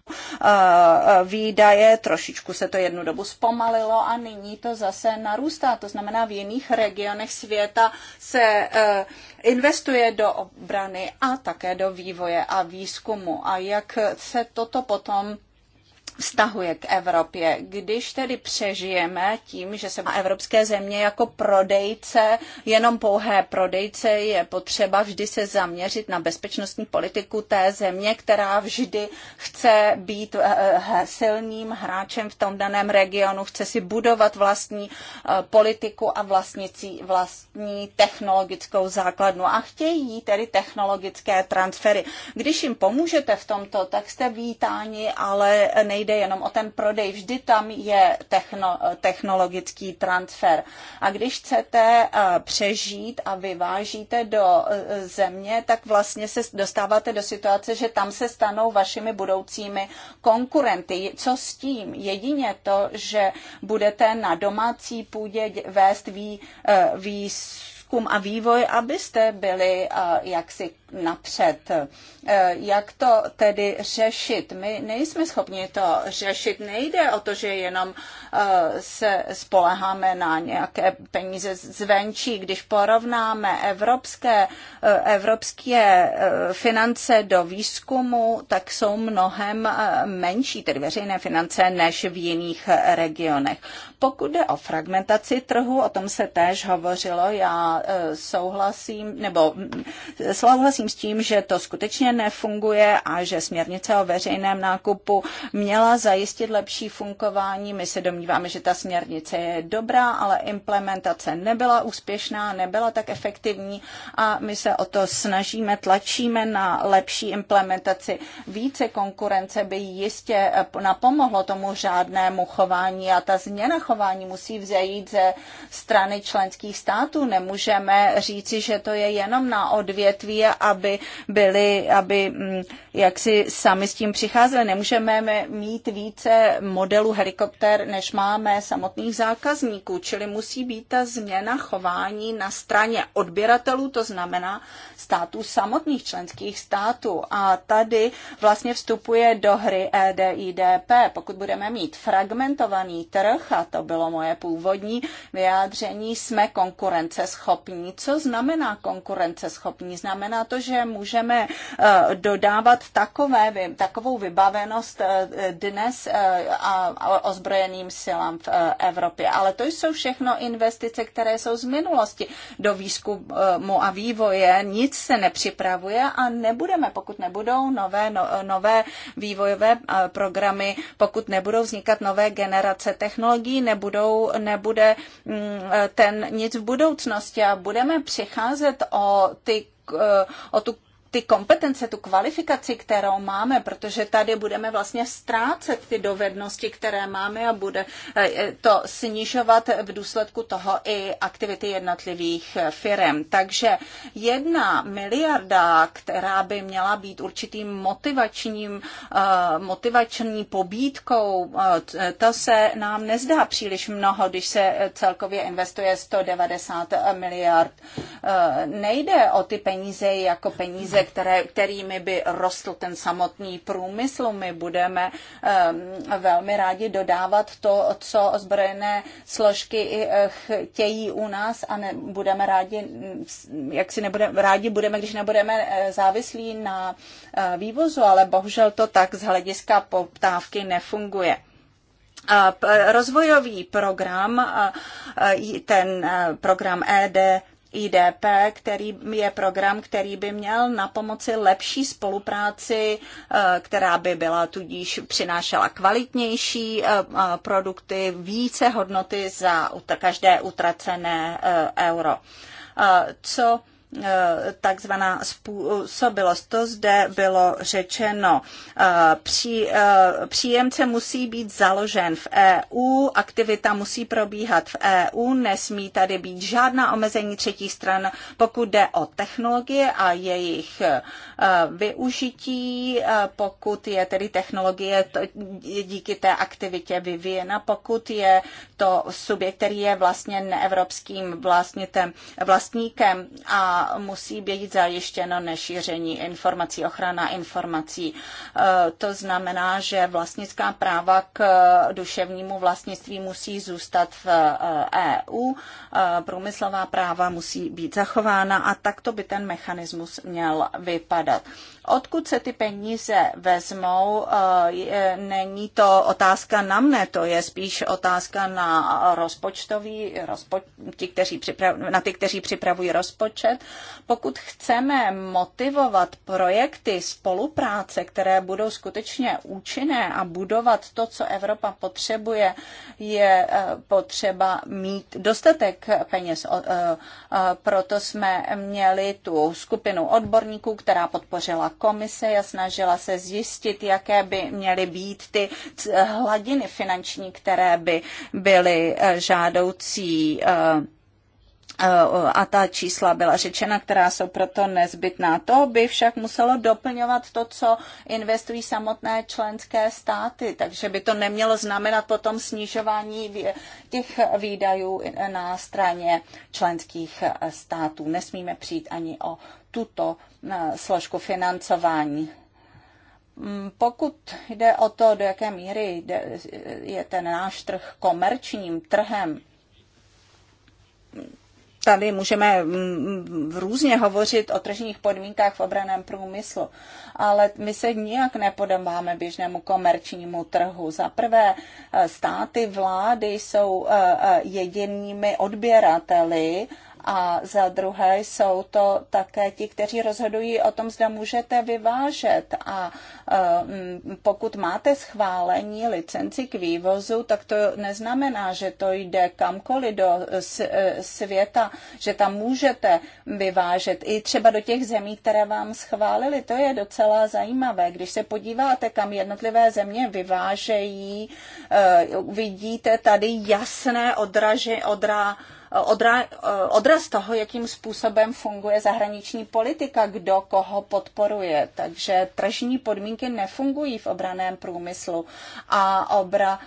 Eh, eh, výdaje, trošičku se to jednu dobu zpomalilo a nyní to zase narůstá. To znamená, v jiných regionech světa se eh, investuje do obrany a také do vývoje a výzkumu. A jak se toto potom vztahuje k Evropě. Když tedy přežijeme tím, že se má evropské země jako prodejce, jenom pouhé prodejce, je potřeba vždy se zaměřit na bezpečnostní politiku té země, která vždy chce být eh, eh, silným hráčem v tom daném regionu, chce si budovat vlastní eh, politiku a vlastnicí, vlastní technologickou základnu a chtějí tedy technologické transfery. Když jim pomůžete v tomto, tak jste vítáni, ale nej nejde jenom o ten prodej, vždy tam je techno, technologický transfer. A když chcete eh, přežít a vyvážíte do eh, země, tak vlastně se dostáváte do situace, že tam se stanou vašimi budoucími konkurenty. Co s tím? Jedině to, že budete na domácí půdě vést vý, eh, výzkum a vývoj, abyste byli eh, jaksi napřed. Eh, jak to tedy řešit? My nejsme schopni to řešit. Nejde o to, že jenom eh, se spoleháme na nějaké peníze zvenčí. Když porovnáme evropské, evropské finance do výzkumu, tak jsou mnohem menší, tedy veřejné finance, než v jiných regionech. Pokud jde o fragmentaci trhu, o tom se též hovořilo, já e, souhlasím, nebo souhlasím s tím, že to skutečně nefunguje a že směrnice o veřejném nákupu měla zajistit lepší fungování. My se domníváme, že ta směrnice je dobrá, ale implementace nebyla úspěšná, nebyla tak efektivní a my se o to snažíme, tlačíme na lepší implementaci. Více konkurence by jistě e, napomohlo tomu řádnému chování a ta změna chování musí vzejít ze strany členských států. Nemůžeme říci, že to je jenom na odvětví, aby byli, aby mm, jak si sami s tím přicházeli. Nemůžeme mít více modelů helikopter, než máme samotných zákazníků, čili musí být ta změna chování na straně odběratelů, to znamená států samotných členských států. A tady vlastně vstupuje do hry EDIDP. Pokud budeme mít fragmentovaný trh, a to bylo moje původní vyjádření, jsme konkurenceschopní. Co znamená konkurenceschopní? Znamená to, že můžeme eh, dodávat takové, takovou vybavenost eh, dnes eh, a ozbrojeným silám v Evropě. Ale to jsou všechno investice, které jsou z minulosti do výzkumu a vývoje. Nic se nepřipravuje a nebudeme, pokud nebudou nové, no, nové vývojové programy, pokud nebudou vznikat nové generace technologií, nebudou, nebude mm, ten nic v budoucnosti a budeme přicházet o ty eh, o tu ty kompetence, tu kvalifikaci, kterou máme, protože tady budeme vlastně ztrácet ty dovednosti, které máme a bude eh, eh, to snižovat v důsledku toho i aktivity jednotlivých eh, firm. Takže jedna miliarda, která by měla být určitým motivačním, motivační pobídkou, to se nám nezdá příliš mnoho, když se celkově investuje 190 miliard. Nejde o ty peníze jako peníze které, kterými by rostl ten samotný průmysl. My budeme ehm, velmi rádi dodávat to, co ozbrojené složky eh, chtějí u nás a ne, budeme rádi, mm, jak si nebudeme, rádi budeme, když nebudeme eh, závislí na eh, vývozu, ale bohužel to tak z hlediska poptávky nefunguje. Rozvojový program, ten program ED IDP, který je program, který by měl na pomoci lepší spolupráci, eh, která by byla tudíž přinášela kvalitnější eh, eh, produkty, více hodnoty za každé utracené euro. Co takzvaná způsobilost. To zde bylo řečeno. Eh, pří, eh, příjemce musí být založen v EU, aktivita musí probíhat v EU, nesmí tady být žádná omezení třetí stran, pokud jde o technologie a jejich eh, využití, pokud je tedy technologie díky té aktivitě vyvíjena, pokud je to subjekt, který je vlastně neevropským vlastnitem, vlastníkem a musí být zajištěno nešíření informací, ochrana informací. E, to znamená, že vlastnická práva k duševnímu vlastnictví musí zůstat v EU, e e, průmyslová práva musí být zachována a takto by ten mechanismus měl vypadat. Odkud se ty peníze vezmou, eh, není to otázka na mne, to je spíš otázka na rozpočtový, rozpo, ti, kteří připrav, na ty, kteří připravují rozpočet, pokud chceme motivovat projekty spolupráce, které budou skutečně účinné a budovat to, co Evropa potřebuje, je eh, potřeba mít dostatek peněz. Eh, eh, proto jsme měli tu skupinu odborníků, která podpořila komise a snažila se zjistit, jaké by měly být ty hladiny finanční, které by byly žádoucí Eh, a ta čísla byla řečena, která jsou proto nezbytná. To by však muselo doplňovat to, co investují samotné členské státy, takže by to nemělo znamenat potom snižování těch výdajů na straně členských eh, států. Nesmíme přijít ani o tuto eh, složku financování. Mm, pokud jde o to, do jaké míry je ten náš trh komerčním trhem, tady můžeme v mm, mm, různě hovořit o tržních podmínkách v obraném průmyslu, ale my se nijak nepodobáme běžnému komerčnímu trhu. Za prvé, eh, státy vlády jsou eh, eh, jedinými odběrateli a za druhé jsou to také ti, kteří rozhodují o tom, zda můžete vyvážet. A eh, pokud máte schválení licenci k vývozu, tak to neznamená, že to jde kamkoliv do eh, eh, světa, že tam můžete vyvážet i třeba do těch zemí, které vám schválili. To je docela zajímavé. Když se podíváte, kam jednotlivé země vyvážejí, vidíte tady jasné odraže, odra, odra, odraz toho, jakým způsobem funguje zahraniční politika, kdo koho podporuje. Takže tržní podmínky nefungují v obraném průmyslu a obra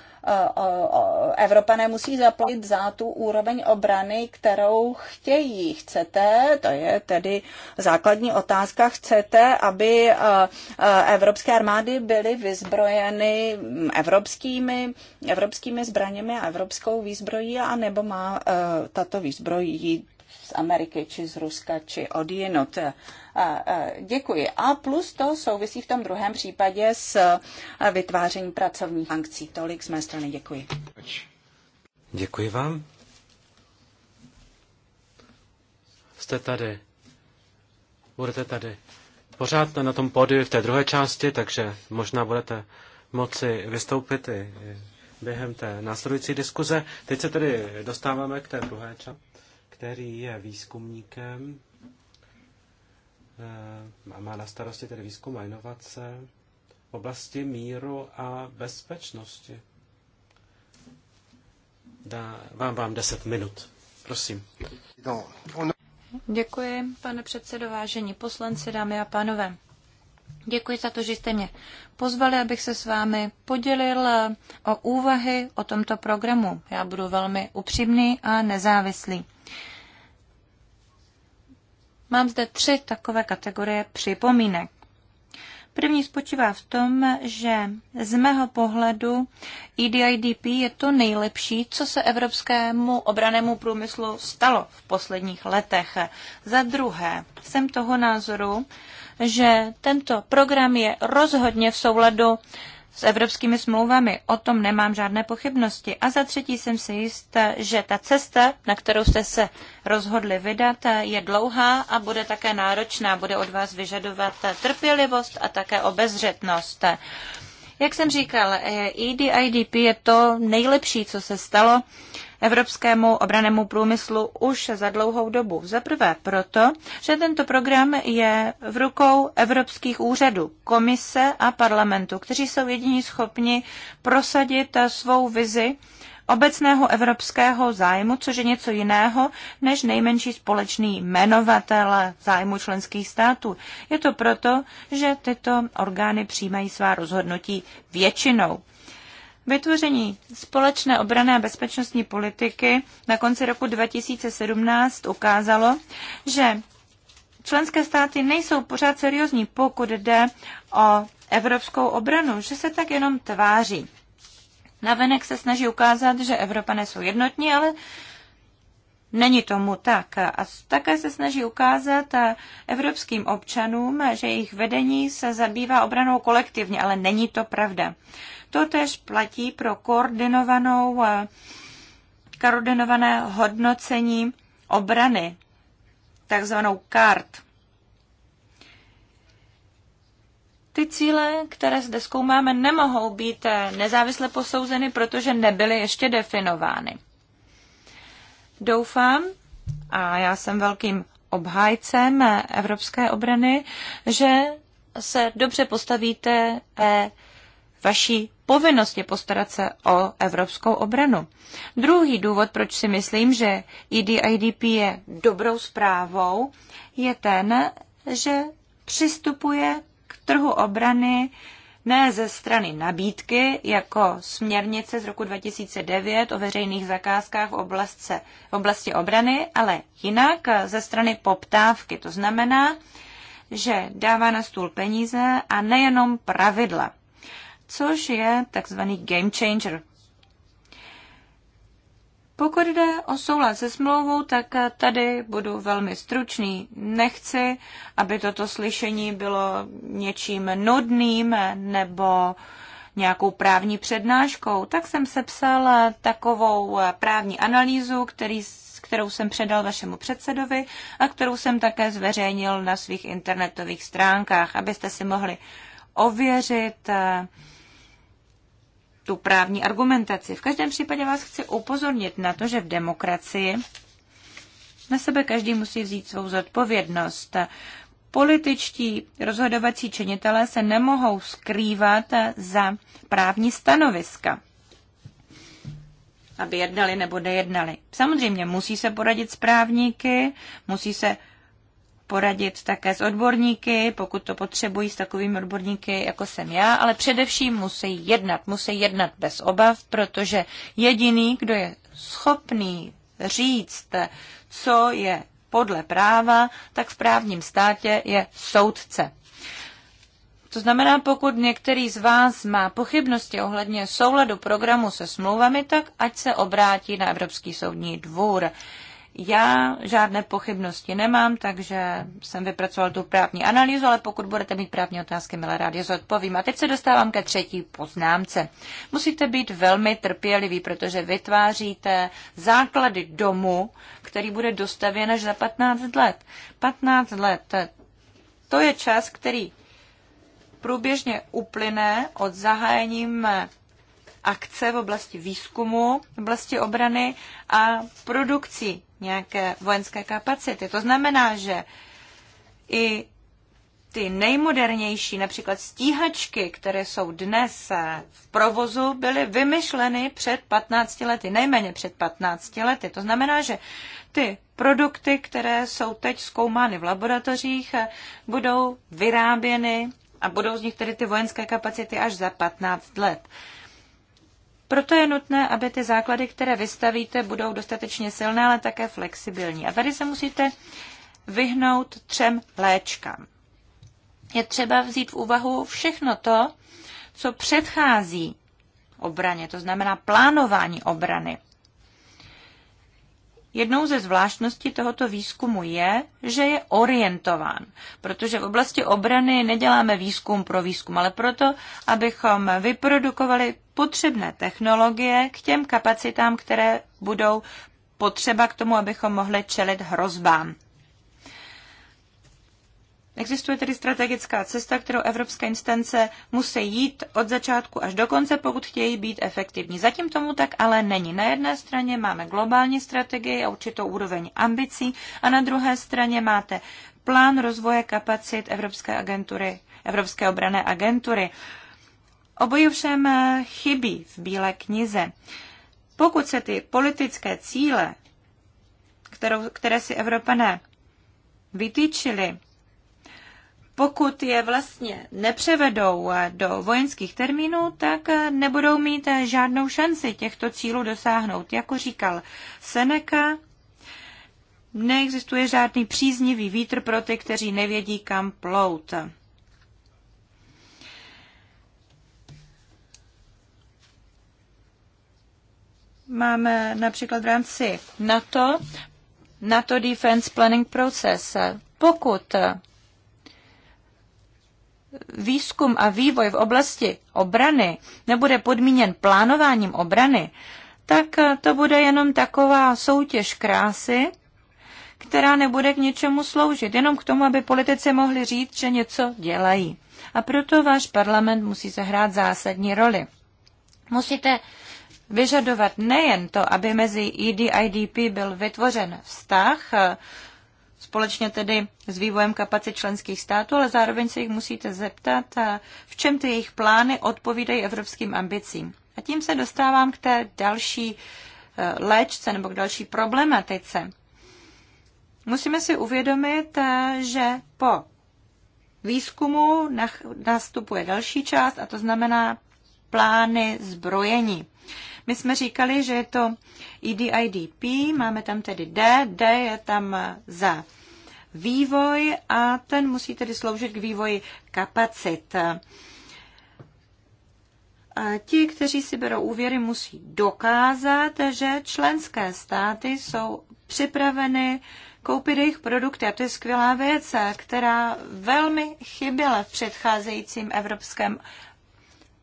Evropané musí zaplatit za tu úroveň obrany, kterou chtějí. Chcete, to je tedy základní otázka, chcete, aby e, e, evropské armády byly vyzbrojeny evropskými, evropskými zbraněmi a evropskou výzbrojí, anebo má e, tato výzbroj jít z Ameriky, či z Ruska, či od jinut. Děkuji. A plus to souvisí v tom druhém případě s vytvářením pracovních sankcí. Tolik z mé strany. Děkuji. Děkuji vám. Jste tady. Budete tady. Pořád na tom pódiu v té druhé části, takže možná budete moci vystoupit i během té následující diskuze. Teď se tedy dostáváme k té druhé části který je výzkumníkem eh, a má na starosti tedy výzkum a inovace v oblasti míru a bezpečnosti. Dá, vám vám 10 minut. Prosím. Děkuji, pane předsedo, vážení poslanci, dámy a pánové. Děkuji za to, že jste mě pozvali, abych se s vámi podělil eh, o úvahy o tomto programu. Já budu velmi upřímný a nezávislý. Mám zde tři takové kategorie připomínek. První spočívá v tom, že z mého pohledu EDIDP je to nejlepší, co se evropskému obranému průmyslu stalo v posledních letech. Za druhé, jsem toho názoru, že tento program je rozhodně v souladu s evropskými smlouvami. O tom nemám žádné pochybnosti. A za třetí jsem si jistá, že ta cesta, na kterou jste se rozhodli vydat, je dlouhá a bude také náročná. Bude od vás vyžadovat trpělivost a také obezřetnost. Jak jsem říkal, EDIDP je to nejlepší, co se stalo evropskému obranému průmyslu už za dlouhou dobu. Za prvé proto, že tento program je v rukou evropských úřadů, komise a parlamentu, kteří jsou jediní schopni prosadit svou vizi obecného evropského zájmu, což je něco jiného než nejmenší společný jmenovatel zájmu členských států. Je to proto, že tyto orgány přijímají svá rozhodnutí většinou. Vytvoření společné obrané a bezpečnostní politiky na konci roku 2017 ukázalo, že členské státy nejsou pořád seriózní, pokud jde o evropskou obranu, že se tak jenom tváří. Navenek se snaží ukázat, že Evropané jsou jednotní, ale není tomu tak. A také se snaží ukázat eh, evropským občanům, že jejich vedení se zabývá obranou kolektivně, ale není to pravda. To tež platí pro koordinovanou, eh, koordinované hodnocení obrany, takzvanou kart. Ty cíle, které zde zkoumáme, nemohou být eh, nezávisle posouzeny, protože nebyly ještě definovány. Doufám, a já jsem velkým obhájcem eh, evropské obrany, že se dobře postavíte vaší povinnost je postarat se o evropskou obranu. Druhý důvod, proč si myslím, že EDIDP je dobrou zprávou, je ten, že přistupuje k trhu obrany ne ze strany nabídky, jako směrnice z roku 2009 o veřejných zakázkách v oblasti, v oblasti obrany, ale jinak ze strany poptávky. To znamená, že dává na stůl peníze a nejenom pravidla což je takzvaný game changer. Pokud jde o soulad se smlouvou, tak tady budu velmi stručný. Nechci, aby toto slyšení bylo něčím nudným nebo nějakou právní přednáškou, tak jsem sepsal takovou právní analýzu, který, kterou jsem předal vašemu předsedovi a kterou jsem také zveřejnil na svých internetových stránkách, abyste si mohli ověřit tu právní argumentaci. V každém případě vás chci upozornit na to, že v demokracii na sebe každý musí vzít svou zodpovědnost. Političtí rozhodovací činitelé se nemohou skrývat za právní stanoviska, aby jednali nebo nejednali. Samozřejmě musí se poradit s právníky, musí se poradit také s odborníky, pokud to potřebují, s takovými odborníky, jako jsem já, ale především musí jednat, musí jednat bez obav, protože jediný, kdo je schopný říct, co je podle práva, tak v právním státě je soudce. To znamená, pokud některý z vás má pochybnosti ohledně souladu programu se smlouvami, tak ať se obrátí na Evropský soudní dvůr. Já žádné pochybnosti nemám, takže jsem vypracoval tu právní analýzu, ale pokud budete mít právní otázky, milé rád zodpovím. A teď se dostávám ke třetí poznámce. Musíte být velmi trpěliví, protože vytváříte základy domu, který bude dostavěn až za 15 let. 15 let, to je čas, který průběžně uplyne od zahájením akce v oblasti výzkumu, v oblasti obrany a produkcí nějaké vojenské kapacity. To znamená, že i ty nejmodernější, například stíhačky, které jsou dnes eh, v provozu, byly vymyšleny před 15 lety, nejméně před 15 lety. To znamená, že ty produkty, které jsou teď zkoumány v laboratořích, eh, budou vyráběny a budou z nich tedy ty vojenské kapacity až za 15 let. Proto je nutné, aby ty základy, které vystavíte, budou dostatečně silné, ale také flexibilní. A tady se musíte vyhnout třem léčkám. Je třeba vzít v úvahu všechno to, co předchází obraně, to znamená plánování obrany. Jednou ze zvláštností tohoto výzkumu je, že je orientován, protože v oblasti obrany neděláme výzkum pro výzkum, ale proto, abychom vyprodukovali potřebné technologie k těm kapacitám, které budou potřeba k tomu, abychom mohli čelit hrozbám. Existuje tedy strategická cesta, kterou evropské instance musí jít od začátku až do konce, pokud chtějí být efektivní. Zatím tomu tak ale není. Na jedné straně máme globální strategii a určitou úroveň ambicí a na druhé straně máte plán rozvoje kapacit Evropské agentury, Evropské obrané agentury. Obojí všem eh, chybí v Bílé knize. Pokud se ty politické cíle, kterou, které si Evropané vytýčili, pokud je vlastně nepřevedou do vojenských termínů, tak nebudou mít žádnou šanci těchto cílů dosáhnout. Jako říkal Seneca, neexistuje žádný příznivý vítr pro ty, kteří nevědí, kam plout. Máme například v rámci NATO, NATO Defense Planning Process. Pokud výzkum a vývoj v oblasti obrany nebude podmíněn plánováním obrany, tak to bude jenom taková soutěž krásy, která nebude k něčemu sloužit, jenom k tomu, aby politici mohli říct, že něco dělají. A proto váš parlament musí zahrát zásadní roli. Musíte vyžadovat nejen to, aby mezi EDIDP a byl vytvořen vztah, společně tedy s vývojem kapacit členských států, ale zároveň se jich musíte zeptat, eh, v čem ty jejich plány odpovídají evropským ambicím. A tím se dostávám k té další eh, léčce nebo k další problematice. Musíme si uvědomit, eh, že po výzkumu nastupuje další část, a to znamená plány zbrojení. My jsme říkali, že je to EDIDP, máme tam tedy D, D je tam za vývoj a ten musí tedy sloužit k vývoji kapacit. A ti, kteří si berou úvěry, musí dokázat, že členské státy jsou připraveny koupit jejich produkty. A to je skvělá věc, která velmi chyběla v předcházejícím evropském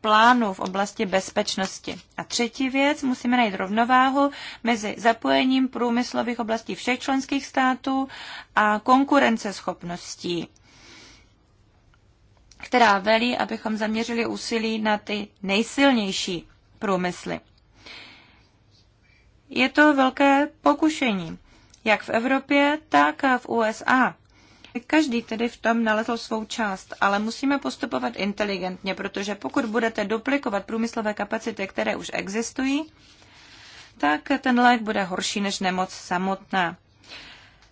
plánu v oblasti bezpečnosti. A třetí věc, musíme najít rovnováhu mezi zapojením průmyslových oblastí všech členských států a konkurenceschopností která velí, abychom zaměřili úsilí na ty nejsilnější průmysly. Je to velké pokušení, jak v Evropě, tak v USA. Každý tedy v tom nalezl svou část, ale musíme postupovat inteligentně, protože pokud budete duplikovat průmyslové kapacity, které už existují, tak ten lék bude horší než nemoc samotná.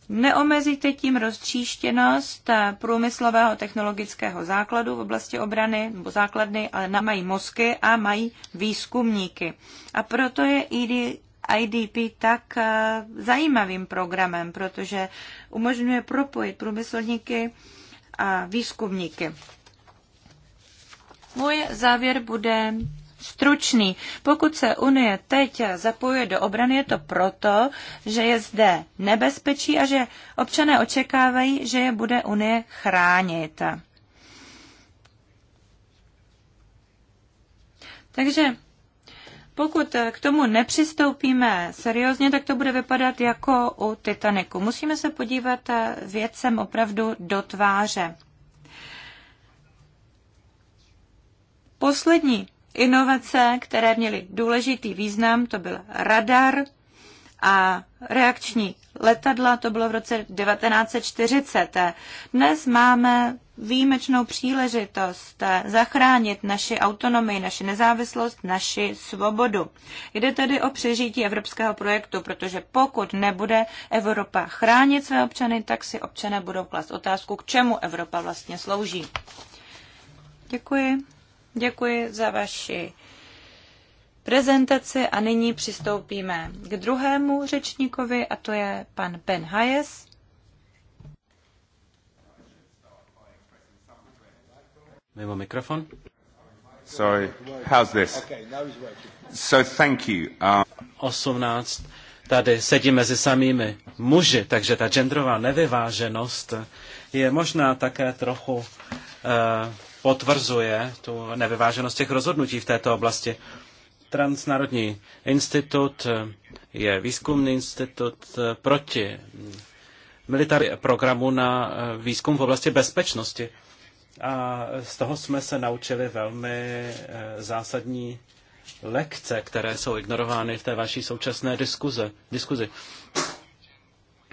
Neomezíte tím roztříštěnost průmyslového technologického základu v oblasti obrany nebo základny, ale mají mozky a mají výzkumníky. A proto je IDP tak eh, zajímavým programem, protože umožňuje propojit průmyslníky a výzkumníky. Můj závěr bude stručný. Pokud se Unie teď zapojuje do obrany, je to proto, že je zde nebezpečí a že občané očekávají, že je bude Unie chránit. Takže pokud eh, k tomu nepřistoupíme seriózně, tak to bude vypadat jako u Titaniku. Musíme se podívat eh, věcem opravdu do tváře. Poslední inovace, které měly důležitý význam, to byl radar a reakční letadla, to bylo v roce 1940. Dnes máme výjimečnou příležitost zachránit naši autonomii, naši nezávislost, naši svobodu. Jde tedy o přežití evropského projektu, protože pokud nebude Evropa chránit své občany, tak si občané budou klást otázku, k čemu Evropa vlastně slouží. Děkuji. Děkuji za vaši prezentaci a nyní přistoupíme k druhému řečníkovi a to je pan Ben Hayes Mimo mikrofon. Sorry, how's this? So thank you. Uh... Um, 18. Tady sedí mezi samými muži, takže ta genderová nevyváženost je možná také trochu uh, potvrzuje tu nevyváženost těch rozhodnutí v této oblasti. Transnárodní institut eh, je výzkumný institut eh, proti militární programu na výzkum v oblasti bezpečnosti. A z toho jsme se naučili velmi eh, zásadní lekce, které jsou ignorovány v té vaší současné diskuze, diskuzi.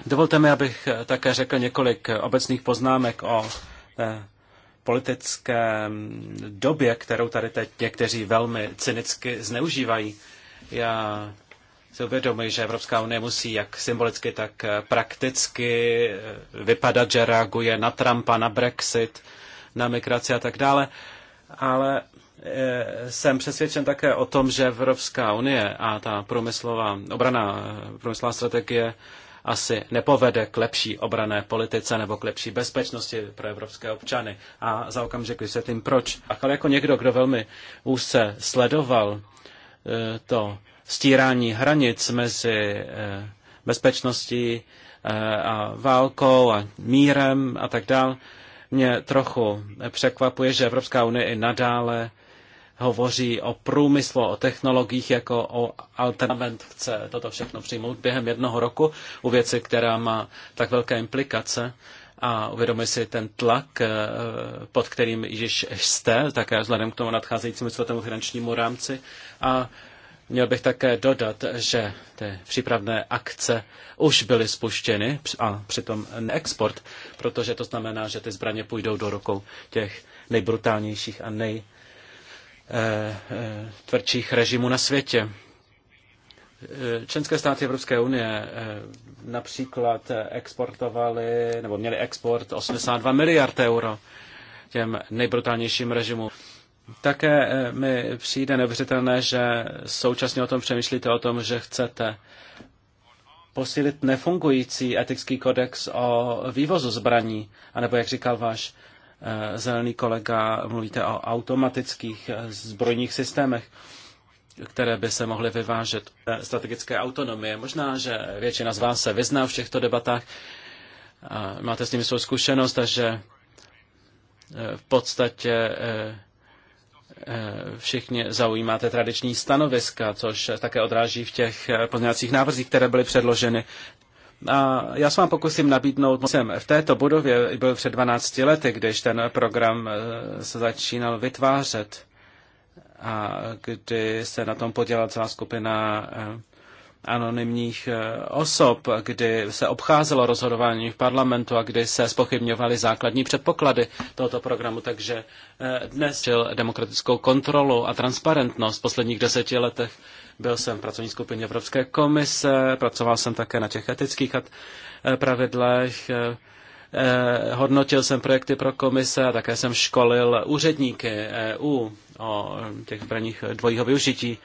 Dovolte mi, abych eh, také řekl několik eh, obecných poznámek o politické době, kterou tady teď někteří velmi cynicky zneužívají. Já si uvědomuji, že Evropská unie musí jak symbolicky, tak prakticky vypadat, že reaguje na Trumpa, na Brexit, na migraci a tak dále. Ale e, jsem přesvědčen také o tom, že Evropská unie a ta průmyslová obrana, e, průmyslová strategie asi nepovede k lepší obrané politice nebo k lepší bezpečnosti pro evropské občany. A za okamžik vysvětlím proč. Ale jako někdo, kdo velmi úzce sledoval e, to stírání hranic mezi bezpečností a válkou a mírem a tak dále, mě trochu překvapuje, že Evropská unie i nadále hovoří o průmyslu, o technologiích jako o alternament. Chce toto všechno přijmout během jednoho roku u věci, která má tak velké implikace a uvědomuje si ten tlak, eh, pod kterým již jste, také vzhledem k tomu nadcházejícímu světovému finančnímu rámci a Měl bych také dodat, že ty přípravné akce už byly spuštěny a přitom neexport, protože to znamená, že ty zbraně půjdou do rukou těch nejbrutálnějších a nejtvrdších eh, eh, režimů na světě. Eh, členské státy Evropské unie například exportovaly, nebo měly export 82 miliard euro těm nejbrutálnějším režimům. Také eh, mi přijde nevřitelné, že současně o tom přemýšlíte o tom, že chcete posílit nefungující etický kodex o vývozu zbraní, anebo jak říkal váš eh, zelený kolega, mluvíte o automatických eh, zbrojních systémech, které by se mohly vyvážet strategické autonomie. Možná, že většina z vás se vyzná v těchto debatách, máte s nimi svou zkušenost, takže v podstatě Eh, všichni zaujímáte tradiční stanoviska, což také odráží v těch eh, pozměňovacích návrzích, které byly předloženy. A já se vám pokusím nabídnout, no, jsem v této budově byl před 12 lety, když ten program eh, se začínal vytvářet a kdy se na tom podělala celá skupina anonymních eh, osob, kdy se obcházelo rozhodování v parlamentu a kdy se spochybňovaly základní předpoklady tohoto programu. Takže eh, dnes žil demokratickou kontrolu a transparentnost v posledních deseti letech. Byl jsem v pracovní skupině Evropské komise, pracoval jsem také na těch etických eh, pravidlech, hodnotil jsem projekty pro komise a také jsem školil úředníky EU o těch zbraních dvojího využití.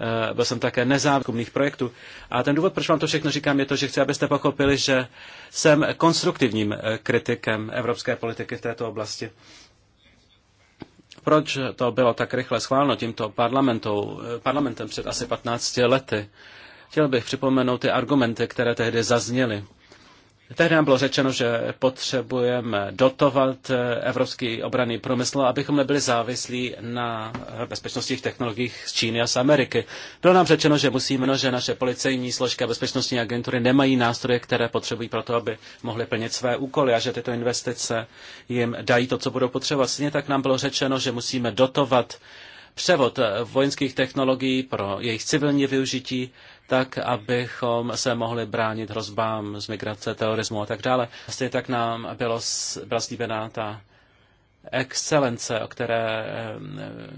Eh, byl jsem také nezávislý projektů. A ten důvod, proč vám to všechno říkám, je to, že chci, abyste pochopili, že jsem konstruktivním eh, kritikem evropské politiky v této oblasti. Proč to bylo tak rychle schváleno tímto eh, parlamentem před asi 15 lety? Chtěl bych připomenout ty argumenty, které tehdy zazněly Tehdy nám bylo řečeno, že potřebujeme dotovat eh, evropský obranný průmysl, abychom nebyli závislí na eh, bezpečnostních technologiích z Číny a z Ameriky. Bylo nám řečeno, že musíme, no, že naše policejní složky a bezpečnostní agentury nemají nástroje, které potřebují pro to, aby mohly plnit své úkoly a že tyto investice jim dají to, co budou potřebovat. Stejně tak nám bylo řečeno, že musíme dotovat převod eh, vojenských technologií pro jejich civilní využití, tak abychom se mohli bránit hrozbám z migrace, terorismu a tak dále. Vlastně tak nám bylo, byla slíbená ta excelence, o které, eh,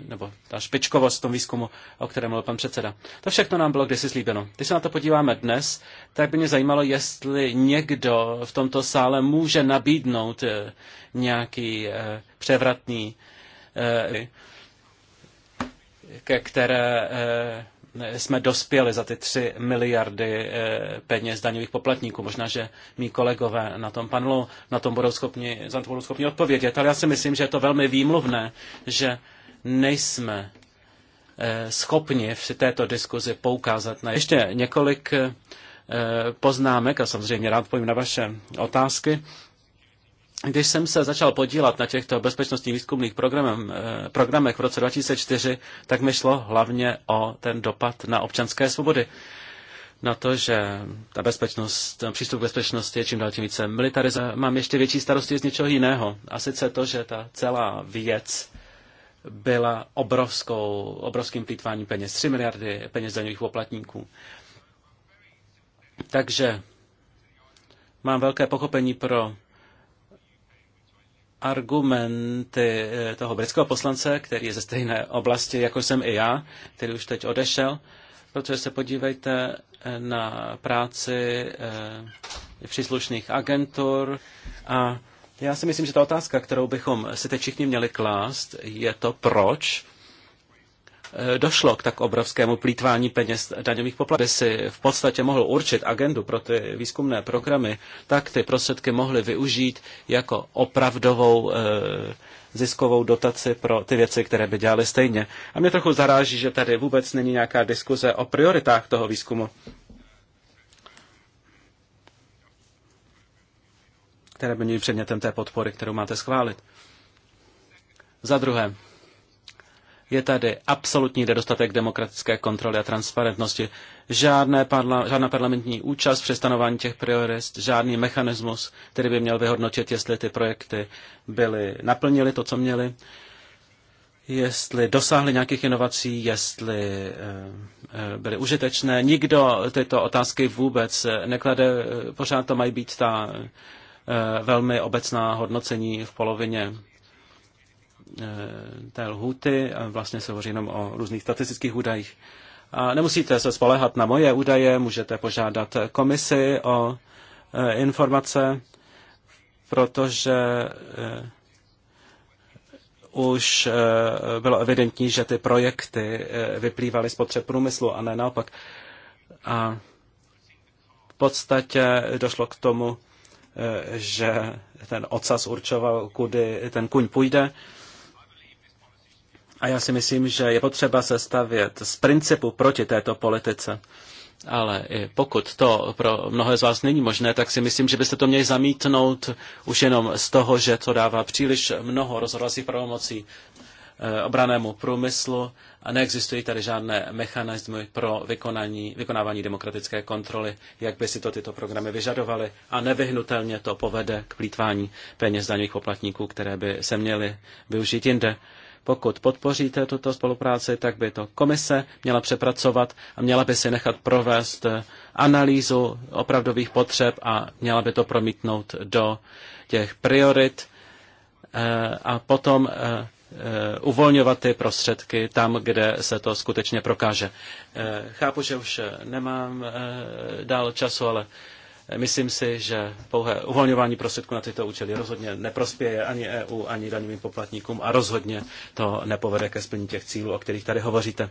nebo ta špičkovost v tom výzkumu, o kterém mluvil pan předseda. To všechno nám bylo kdysi slíbeno. Když se na to podíváme dnes, tak by mě zajímalo, jestli někdo v tomto sále může nabídnout eh, nějaký převratný ke které eh, jsme dospěli za ty 3 miliardy eh, peněz daňových poplatníků. Možná, že mý kolegové na tom panelu na tom budou schopni, za to budou schopni odpovědět, ale já si myslím, že je to velmi výmluvné, že nejsme eh, schopni v této diskuzi poukázat na ještě několik poznámek a samozřejmě rád pojím na vaše otázky. Když jsem se začal podílat na těchto bezpečnostních výzkumných eh, programech v roce 2004, tak mi šlo hlavně o ten dopad na občanské svobody. Na to, že ta bezpečnost, ten přístup k bezpečnosti je čím dál tím více militarizovaný. Mám ještě větší starosti z něčeho jiného. A sice to, že ta celá věc byla obrovskou, obrovským plýtváním peněz. 3 miliardy peněz daňových poplatníků. Takže mám velké pochopení pro argumenty eh, toho britského poslance, který je ze stejné oblasti, jako jsem i já, který už teď odešel, protože se podívejte eh, na práci eh, příslušných agentur a já si myslím, že ta otázka, kterou bychom si teď všichni měli klást, je to proč Eh, došlo k tak obrovskému plítvání peněz daňových poplatků, by si v podstatě mohl určit agendu pro ty výzkumné programy, tak ty prostředky mohly využít jako opravdovou eh, ziskovou dotaci pro ty věci, které by dělali stejně. A mě trochu zaráží, že tady vůbec není nějaká diskuze o prioritách toho výzkumu. které by měly předmětem té podpory, kterou máte schválit. Za druhé, je tady absolutní nedostatek demokratické kontroly a transparentnosti. Žádné parla, žádná parlamentní účast při stanování těch priorit, žádný mechanismus, který by měl vyhodnotit, jestli ty projekty byly, naplnili to, co měli, jestli dosáhly nějakých inovací, jestli eh, eh, byly užitečné. Nikdo tyto otázky vůbec eh, neklade, pořád to mají být ta velmi obecná hodnocení v polovině Eh, té lhuty, vlastně se hovoří jenom o různých statistických údajích. A nemusíte se spolehat na moje údaje, můžete požádat komisi o eh, informace, protože eh, už bylo evidentní, že ty projekty vyplývaly z potřeb průmyslu a ne naopak. A v podstatě došlo k tomu, že ten ocas určoval, kudy ten kuň půjde a já si myslím, že je potřeba se stavět z principu proti této politice. Ale i pokud to pro mnohé z vás není možné, tak si myslím, že byste to měli zamítnout už jenom z toho, že to dává příliš mnoho rozhodovacích pravomocí eh, obranému průmyslu a neexistují tady žádné mechanismy pro vykonání, vykonávání demokratické kontroly, jak by si to tyto programy vyžadovaly a nevyhnutelně to povede k plítvání peněz daňových poplatníků, které by se měly využít jinde. Pokud podpoříte tuto spolupráci, tak by to komise měla přepracovat a měla by si nechat provést eh, analýzu opravdových potřeb a měla by to promítnout do těch priorit eh, a potom eh, uvolňovat ty prostředky tam, kde se to skutečně prokáže. Chápu, že už nemám dál času, ale Myslím si, že pouhé uvolňování prostředků na tyto účely rozhodně neprospěje ani EU, ani daňovým poplatníkům a rozhodně to nepovede ke splnění těch cílů, o kterých tady hovoříte.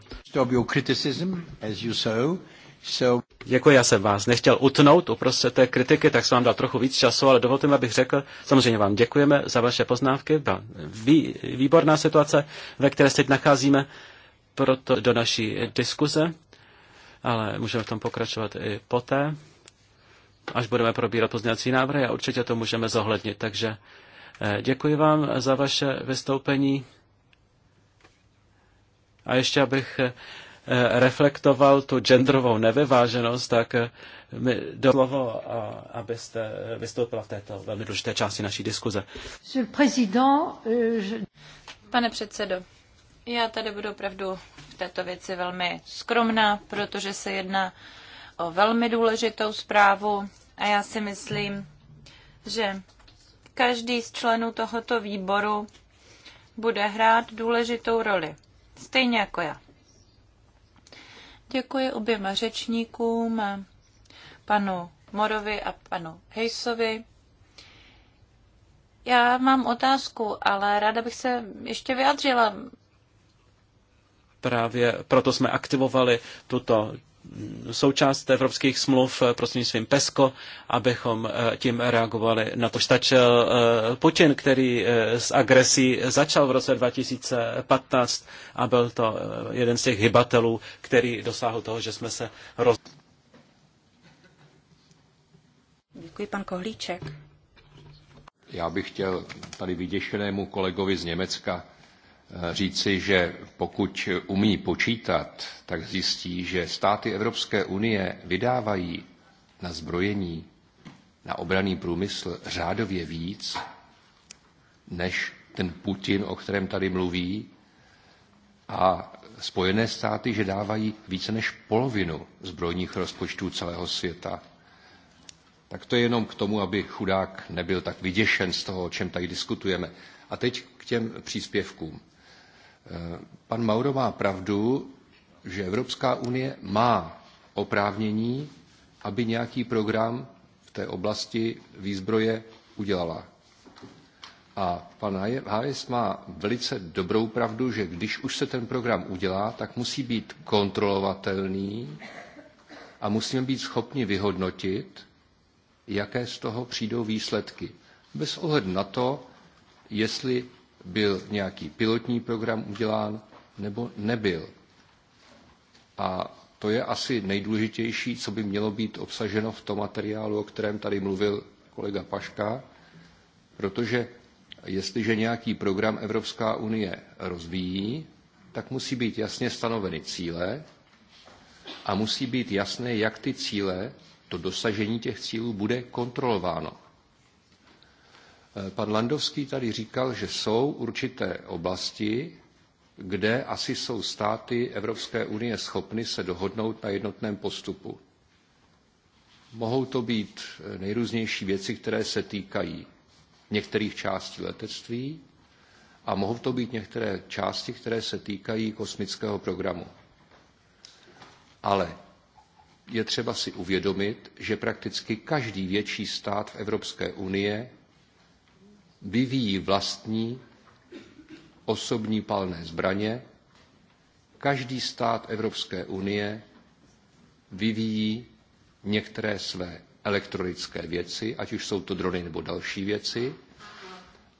Děkuji, já jsem vás nechtěl utnout uprostřed té kritiky, tak jsem vám dal trochu víc času, ale dovolte mi, abych řekl, samozřejmě vám děkujeme za vaše poznávky, byla výborná situace, ve které se teď nacházíme, proto do naší diskuze, ale můžeme v tom pokračovat i poté až budeme probírat pozměňovací návrhy a určitě to můžeme zohlednit. Takže eh, děkuji vám za vaše vystoupení. A ještě abych eh, reflektoval tu genderovou nevyváženost, tak eh, mi do slovo, abyste vystoupila v této velmi důležité části naší diskuze. Euh, Pane předsedo, já tady budu opravdu v této věci velmi skromná, protože se jedná o velmi důležitou zprávu a já si myslím, že každý z členů tohoto výboru bude hrát důležitou roli, stejně jako já. Děkuji oběma řečníkům, panu Morovi a panu Hejsovi. Já mám otázku, ale ráda bych se ještě vyjádřila. Právě proto jsme aktivovali tuto součást evropských smluv eh, prostřednictvím PESCO, abychom eh, tím reagovali na to. Stačil eh, Putin, který s agresí začal v roce 2015 a byl to jeden z těch hybatelů, který dosáhl toho, že jsme se roz... Děkuji, pan Kohlíček. Já bych chtěl tady vyděšenému kolegovi z Německa říci, že pokud umí počítat, tak zjistí, že státy Evropské unie vydávají na zbrojení, na obraný průmysl řádově víc, než ten Putin, o kterém tady mluví, a Spojené státy, že dávají více než polovinu zbrojních rozpočtů celého světa. Tak to je jenom k tomu, aby chudák nebyl tak vyděšen z toho, o čem tady diskutujeme. A teď k těm příspěvkům. Eh, pan Mauro má pravdu, že Evropská unie má oprávnění, aby nějaký program v té oblasti výzbroje udělala. A pan Hayes má velice dobrou pravdu, že když už se ten program udělá, tak musí být kontrolovatelný a musíme být schopni vyhodnotit, jaké z toho přijdou výsledky. Bez ohledu na to, jestli byl nějaký pilotní program udělán nebo nebyl. A to je asi nejdůležitější, co by mělo být obsaženo v tom materiálu, o kterém tady mluvil kolega Paška, protože jestliže nějaký program Evropská unie rozvíjí, tak musí být jasně stanoveny cíle a musí být jasné, jak ty cíle, to dosažení těch cílů bude kontrolováno. Eh, pan Landovský tady říkal, že jsou určité oblasti, kde asi jsou státy Evropské unie schopny se dohodnout na jednotném postupu. Mohou to být eh, nejrůznější věci, které se týkají některých částí letectví a mohou to být některé části, které se týkají kosmického programu. Ale je třeba si uvědomit, že prakticky každý větší stát v Evropské unie vyvíjí vlastní osobní palné zbraně, každý stát Evropské unie vyvíjí některé své elektronické věci, ať už jsou to drony nebo další věci.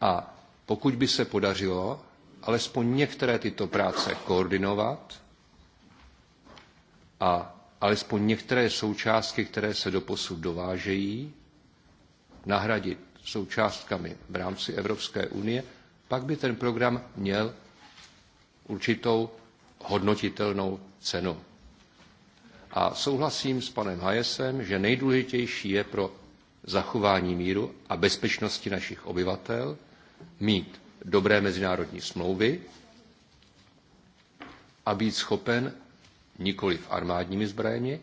A pokud by se podařilo alespoň některé tyto práce koordinovat a alespoň některé součástky, které se doposud dovážejí, nahradit jsou částkami v rámci Evropské unie, pak by ten program měl určitou hodnotitelnou cenu. A souhlasím s panem Hayesem, že nejdůležitější je pro zachování míru a bezpečnosti našich obyvatel mít dobré mezinárodní smlouvy a být schopen nikoli v armádními zbraněmi,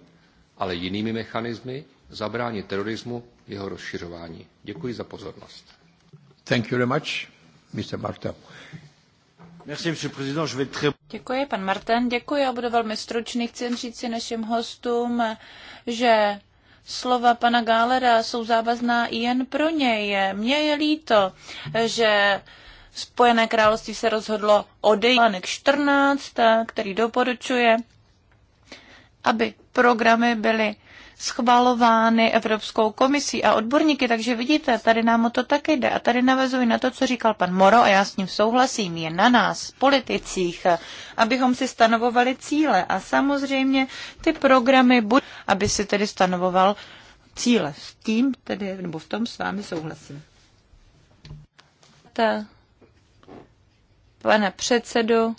ale jinými mechanismy zabránit terorismu jeho rozšiřování. Děkuji za pozornost. Thank you very much, Mr. Marta. Děkuji, pan Martin, děkuji a budu velmi stručný. Chci jen říct si našim hostům, že slova pana Gálera jsou závazná i jen pro něj. Mně je líto, že Spojené království se rozhodlo odejít článek 14, který doporučuje, aby programy byly schvalovány Evropskou komisí a odborníky, takže vidíte, tady nám o to také jde. A tady navazuji na to, co říkal pan Moro a já s ním souhlasím. Je na nás, politicích, abychom si stanovovali cíle a samozřejmě ty programy, budou, aby si tedy stanovoval cíle. S tím tedy, nebo v tom s vámi souhlasím. Ta, pane předsedu,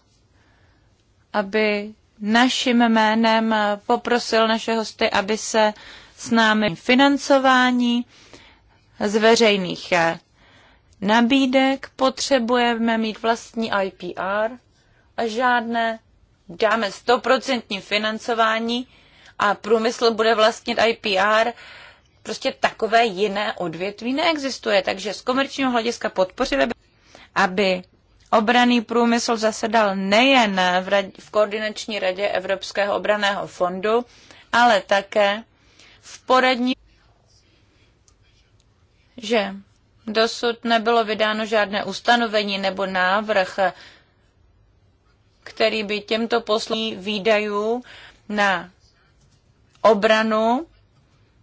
aby naším jménem poprosil naše hosty, aby se s námi financování z veřejných nabídek, potřebujeme mít vlastní IPR a žádné dáme stoprocentní financování a průmysl bude vlastnit IPR, prostě takové jiné odvětví neexistuje. Takže z komerčního hlediska podpořili, aby obraný průmysl zasedal nejen v, rad- v koordinační radě Evropského obraného fondu, ale také v poradní, že dosud nebylo vydáno žádné ustanovení nebo návrh, který by těmto poslední výdajů na obranu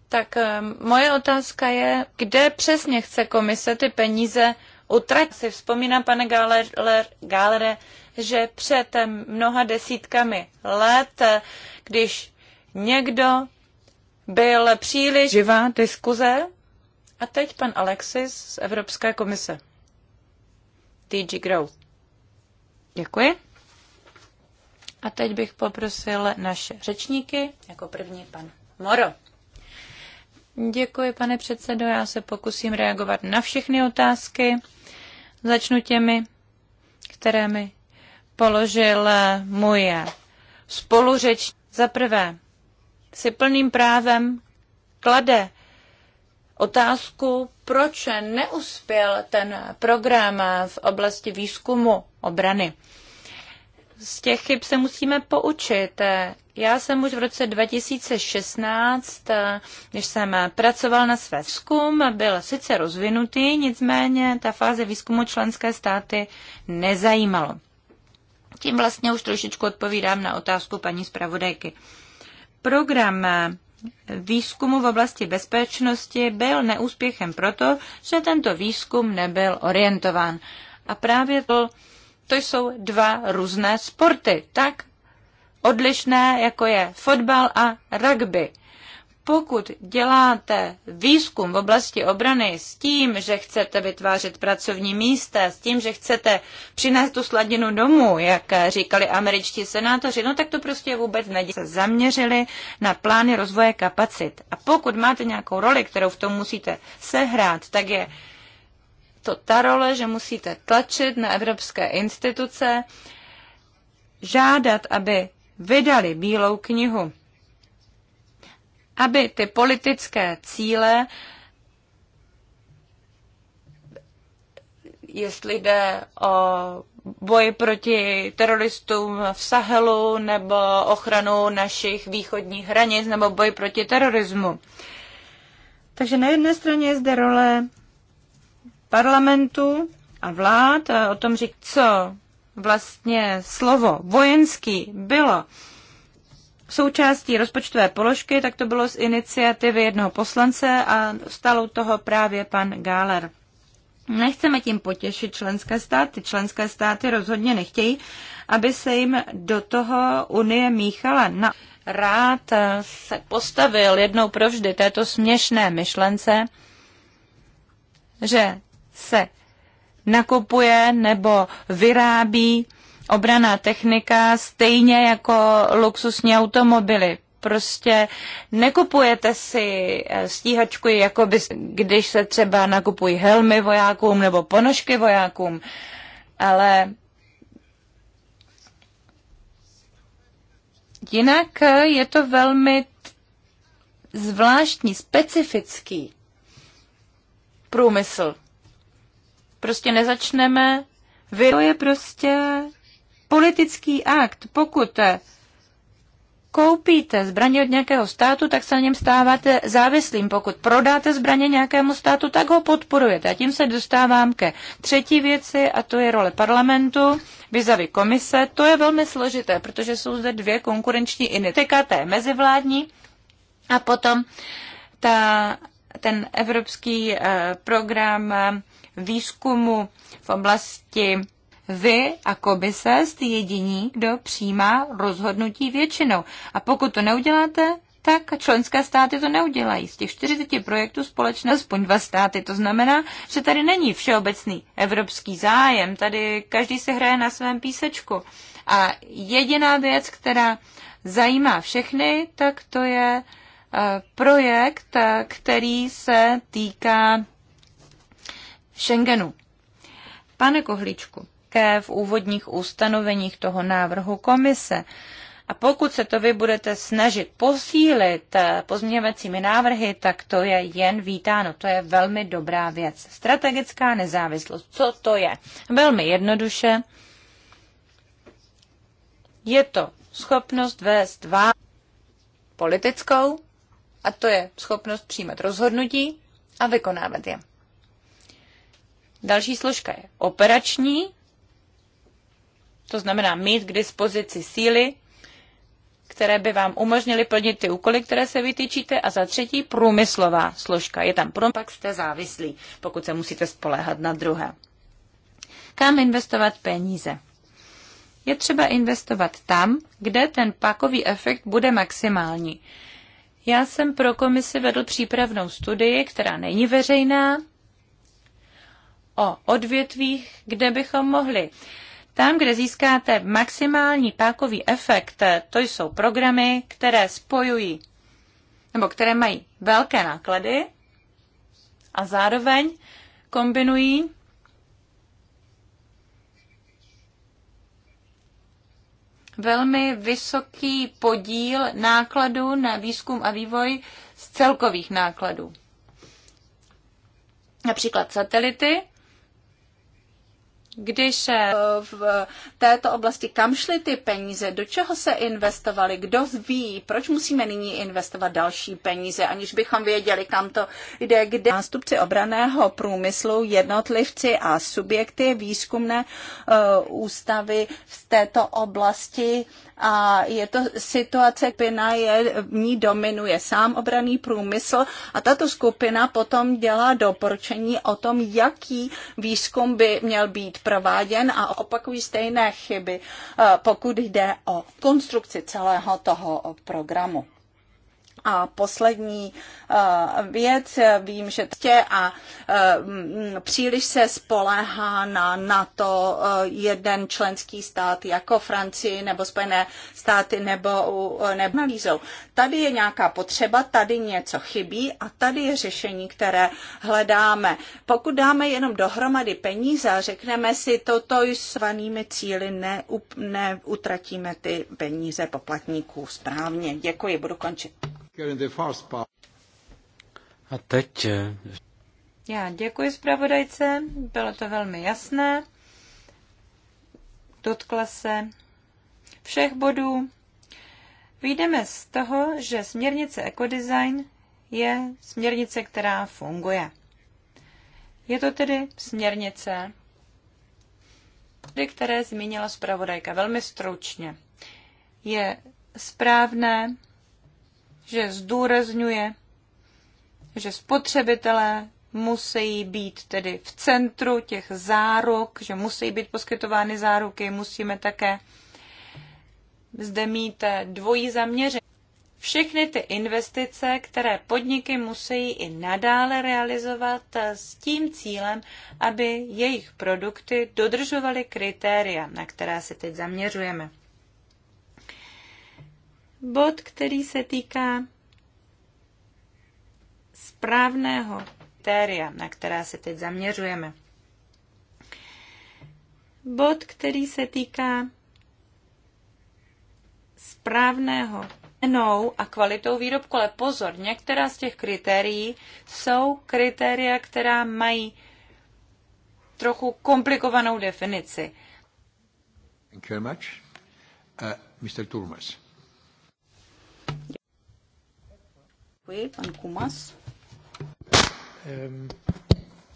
tak eh, moje otázka je, kde přesně chce komise ty peníze utratit. Si vzpomínám, pane Galer, že před mnoha desítkami let, když někdo byl příliš živá diskuze, a teď pan Alexis z Evropské komise. TG Growth. Děkuji. A teď bych poprosil naše řečníky, jako první pan Moro. Děkuji, pane předsedo. Já se pokusím reagovat na všechny otázky. Začnu těmi, které mi položil eh, můj eh, spoluřeč. Za prvé, si plným právem klade otázku, proč neuspěl ten program eh, v oblasti výzkumu obrany. Z těch chyb se musíme poučit. Já jsem už v roce 2016, eh, když jsem pracoval na své výzkum, byl sice rozvinutý, nicméně ta fáze výzkumu členské státy nezajímalo. Tím vlastně už trošičku odpovídám na otázku paní zpravodajky. Program výzkumu v oblasti bezpečnosti byl neúspěchem proto, že tento výzkum nebyl orientován. A právě to, to jsou dva různé sporty. Tak odlišné, jako je fotbal a rugby. Pokud děláte výzkum v oblasti obrany s tím, že chcete vytvářet pracovní místa, s tím, že chcete přinést tu sladinu domů, jak říkali američtí senátoři, no tak to prostě vůbec nedělá. Se zaměřili na plány rozvoje kapacit. A pokud máte nějakou roli, kterou v tom musíte sehrát, tak je to ta role, že musíte tlačit na evropské instituce, žádat, aby vydali bílou knihu, aby ty politické cíle, jestli jde o boj proti teroristům v Sahelu nebo ochranu našich východních hranic nebo boj proti terorismu. Takže na jedné straně je zde role parlamentu a vlád, a o tom říct, co vlastně slovo vojenský bylo součástí rozpočtové položky, tak to bylo z iniciativy jednoho poslance a stalo toho právě pan Gáler. Nechceme tím potěšit členské státy. Členské státy rozhodně nechtějí, aby se jim do toho Unie míchala. Na rád se postavil jednou provždy této směšné myšlence, že se nakupuje nebo vyrábí obraná technika stejně jako luxusní automobily. Prostě nekupujete si eh, stíhačku, jako by, když se třeba nakupují helmy vojákům nebo ponožky vojákům, ale jinak eh, je to velmi zvláštní, specifický průmysl prostě nezačneme. Vy... To je prostě politický akt. Pokud eh, koupíte zbraně od nějakého státu, tak se na něm stáváte závislým. Pokud prodáte zbraně nějakému státu, tak ho podporujete. A tím se dostávám ke třetí věci, a to je role parlamentu, vizavy komise. To je velmi složité, protože jsou zde dvě konkurenční iniciativy. té mezivládní a potom ta, ten evropský eh, program eh, výzkumu v oblasti vy a komise se jste jediní, kdo přijímá rozhodnutí většinou. A pokud to neuděláte, tak členské státy to neudělají. Z těch 40 projektů společně aspoň dva státy. To znamená, že tady není všeobecný evropský zájem. Tady každý se hraje na svém písečku. A jediná věc, která zajímá všechny, tak to je eh, projekt, eh, který se týká Schengenu. Pane Kohlíčku, ke v úvodních ustanoveních toho návrhu komise. A pokud se to vy budete snažit posílit eh, pozměňovacími návrhy, tak to je jen vítáno. To je velmi dobrá věc. Strategická nezávislost. Co to je? Velmi jednoduše. Je to schopnost vést vám politickou, a to je schopnost přijímat rozhodnutí a vykonávat je. Další složka je operační, to znamená mít k dispozici síly, které by vám umožnily plnit ty úkoly, které se vytýčíte, A za třetí průmyslová složka. Je tam průmysl, pak jste závislí, pokud se musíte spoléhat na druhé. Kam investovat peníze? Je třeba investovat tam, kde ten pakový efekt bude maximální. Já jsem pro komisi vedl přípravnou studii, která není veřejná, o odvětvích, kde bychom mohli. Tam, kde získáte maximální pákový efekt, to jsou programy, které spojují nebo které mají velké náklady a zároveň kombinují velmi vysoký podíl nákladů na výzkum a vývoj z celkových nákladů. Například satelity když eh, v této oblasti, kam šly ty peníze, do čeho se investovaly, kdo ví, proč musíme nyní investovat další peníze, aniž bychom věděli, kam to jde, kde. Nástupci obraného průmyslu, jednotlivci a subjekty výzkumné uh, ústavy v této oblasti a je to situace, která je, v ní dominuje sám obraný průmysl a tato skupina potom dělá doporučení o tom, jaký výzkum by měl být prováděn a opakují stejné chyby, eh, pokud jde o konstrukci celého toho programu. A poslední eh, věc, vím, že tě a eh, příliš se spoléhá na NATO eh, jeden členský stát jako Francii nebo Spojené státy nebo nebanalizou. Tady je nějaká potřeba, tady něco chybí a tady je řešení, které hledáme. Pokud dáme jenom dohromady peníze a řekneme si, toto s vanými cíly neutratíme ty peníze poplatníků správně. Děkuji, budu končit. A teď... Eh, Já děkuji zpravodajce, bylo to velmi jasné. Dotkla se všech bodů. Výjdeme z toho, že směrnice ekodesign je směrnice, která funguje. Je to tedy směrnice, které zmínila zpravodajka velmi stručně. Je správné že zdůrazňuje, že spotřebitelé musí být tedy v centru těch záruk, že musí být poskytovány záruky, musíme také zde mít dvojí zaměření. Všechny ty investice, které podniky musí i nadále realizovat s tím cílem, aby jejich produkty dodržovaly kritéria, na která se teď zaměřujeme bod, který se týká správného téria, na která se teď zaměřujeme. Bod, který se týká správného cenou a kvalitou výrobku, ale pozor, některá z těch kritérií jsou kritéria, která mají trochu komplikovanou definici. Thank you very much. Uh, Mr. Turmes. Děkuji, pan Kumas. Um,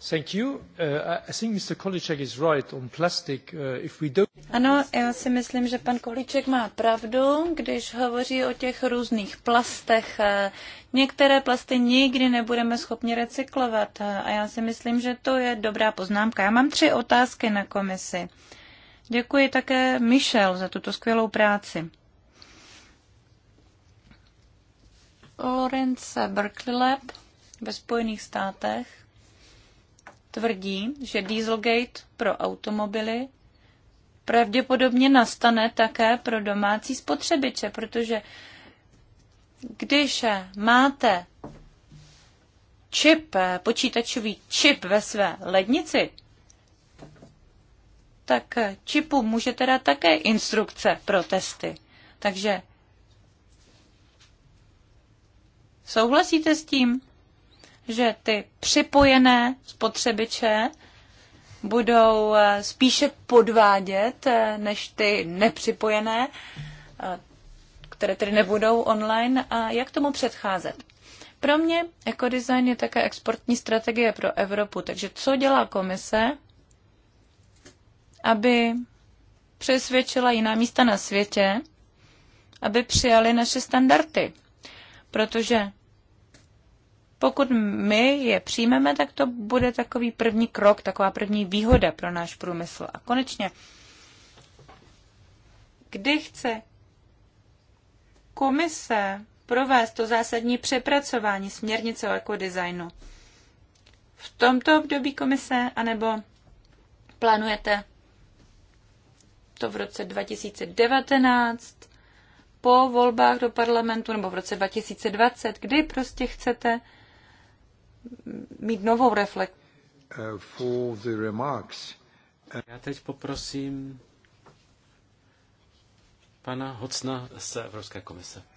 thank you. Uh, I think Mr. Kolicek is right on plastic. Uh, if we don't... Ano, já si myslím, že pan Kolíček má pravdu, když hovoří o těch různých plastech. Eh, některé plasty nikdy nebudeme schopni recyklovat eh, a já si myslím, že to je dobrá poznámka. Já mám tři otázky na komisi. Děkuji také Michel za tuto skvělou práci. Lorence Berkeley Lab ve Spojených státech tvrdí, že Dieselgate pro automobily pravděpodobně nastane také pro domácí spotřebiče, protože když máte čip, počítačový čip ve své lednici, tak čipu můžete dát také instrukce pro testy. Takže Souhlasíte s tím, že ty připojené spotřebiče budou eh, spíše podvádět eh, než ty nepřipojené, eh, které tedy nebudou online a jak tomu předcházet? Pro mě ekodesign je také exportní strategie pro Evropu, takže co dělá komise, aby přesvědčila jiná místa na světě, aby přijali naše standardy? protože pokud my je přijmeme, tak to bude takový první krok, taková první výhoda pro náš průmysl. A konečně, kdy chce komise provést to zásadní přepracování směrnice o ekodesignu? V tomto období komise, anebo plánujete to v roce 2019? po volbách do parlamentu nebo v roce 2020, kdy prostě chcete mít novou reflexi. Já teď poprosím pana Hocna z Evropské komise.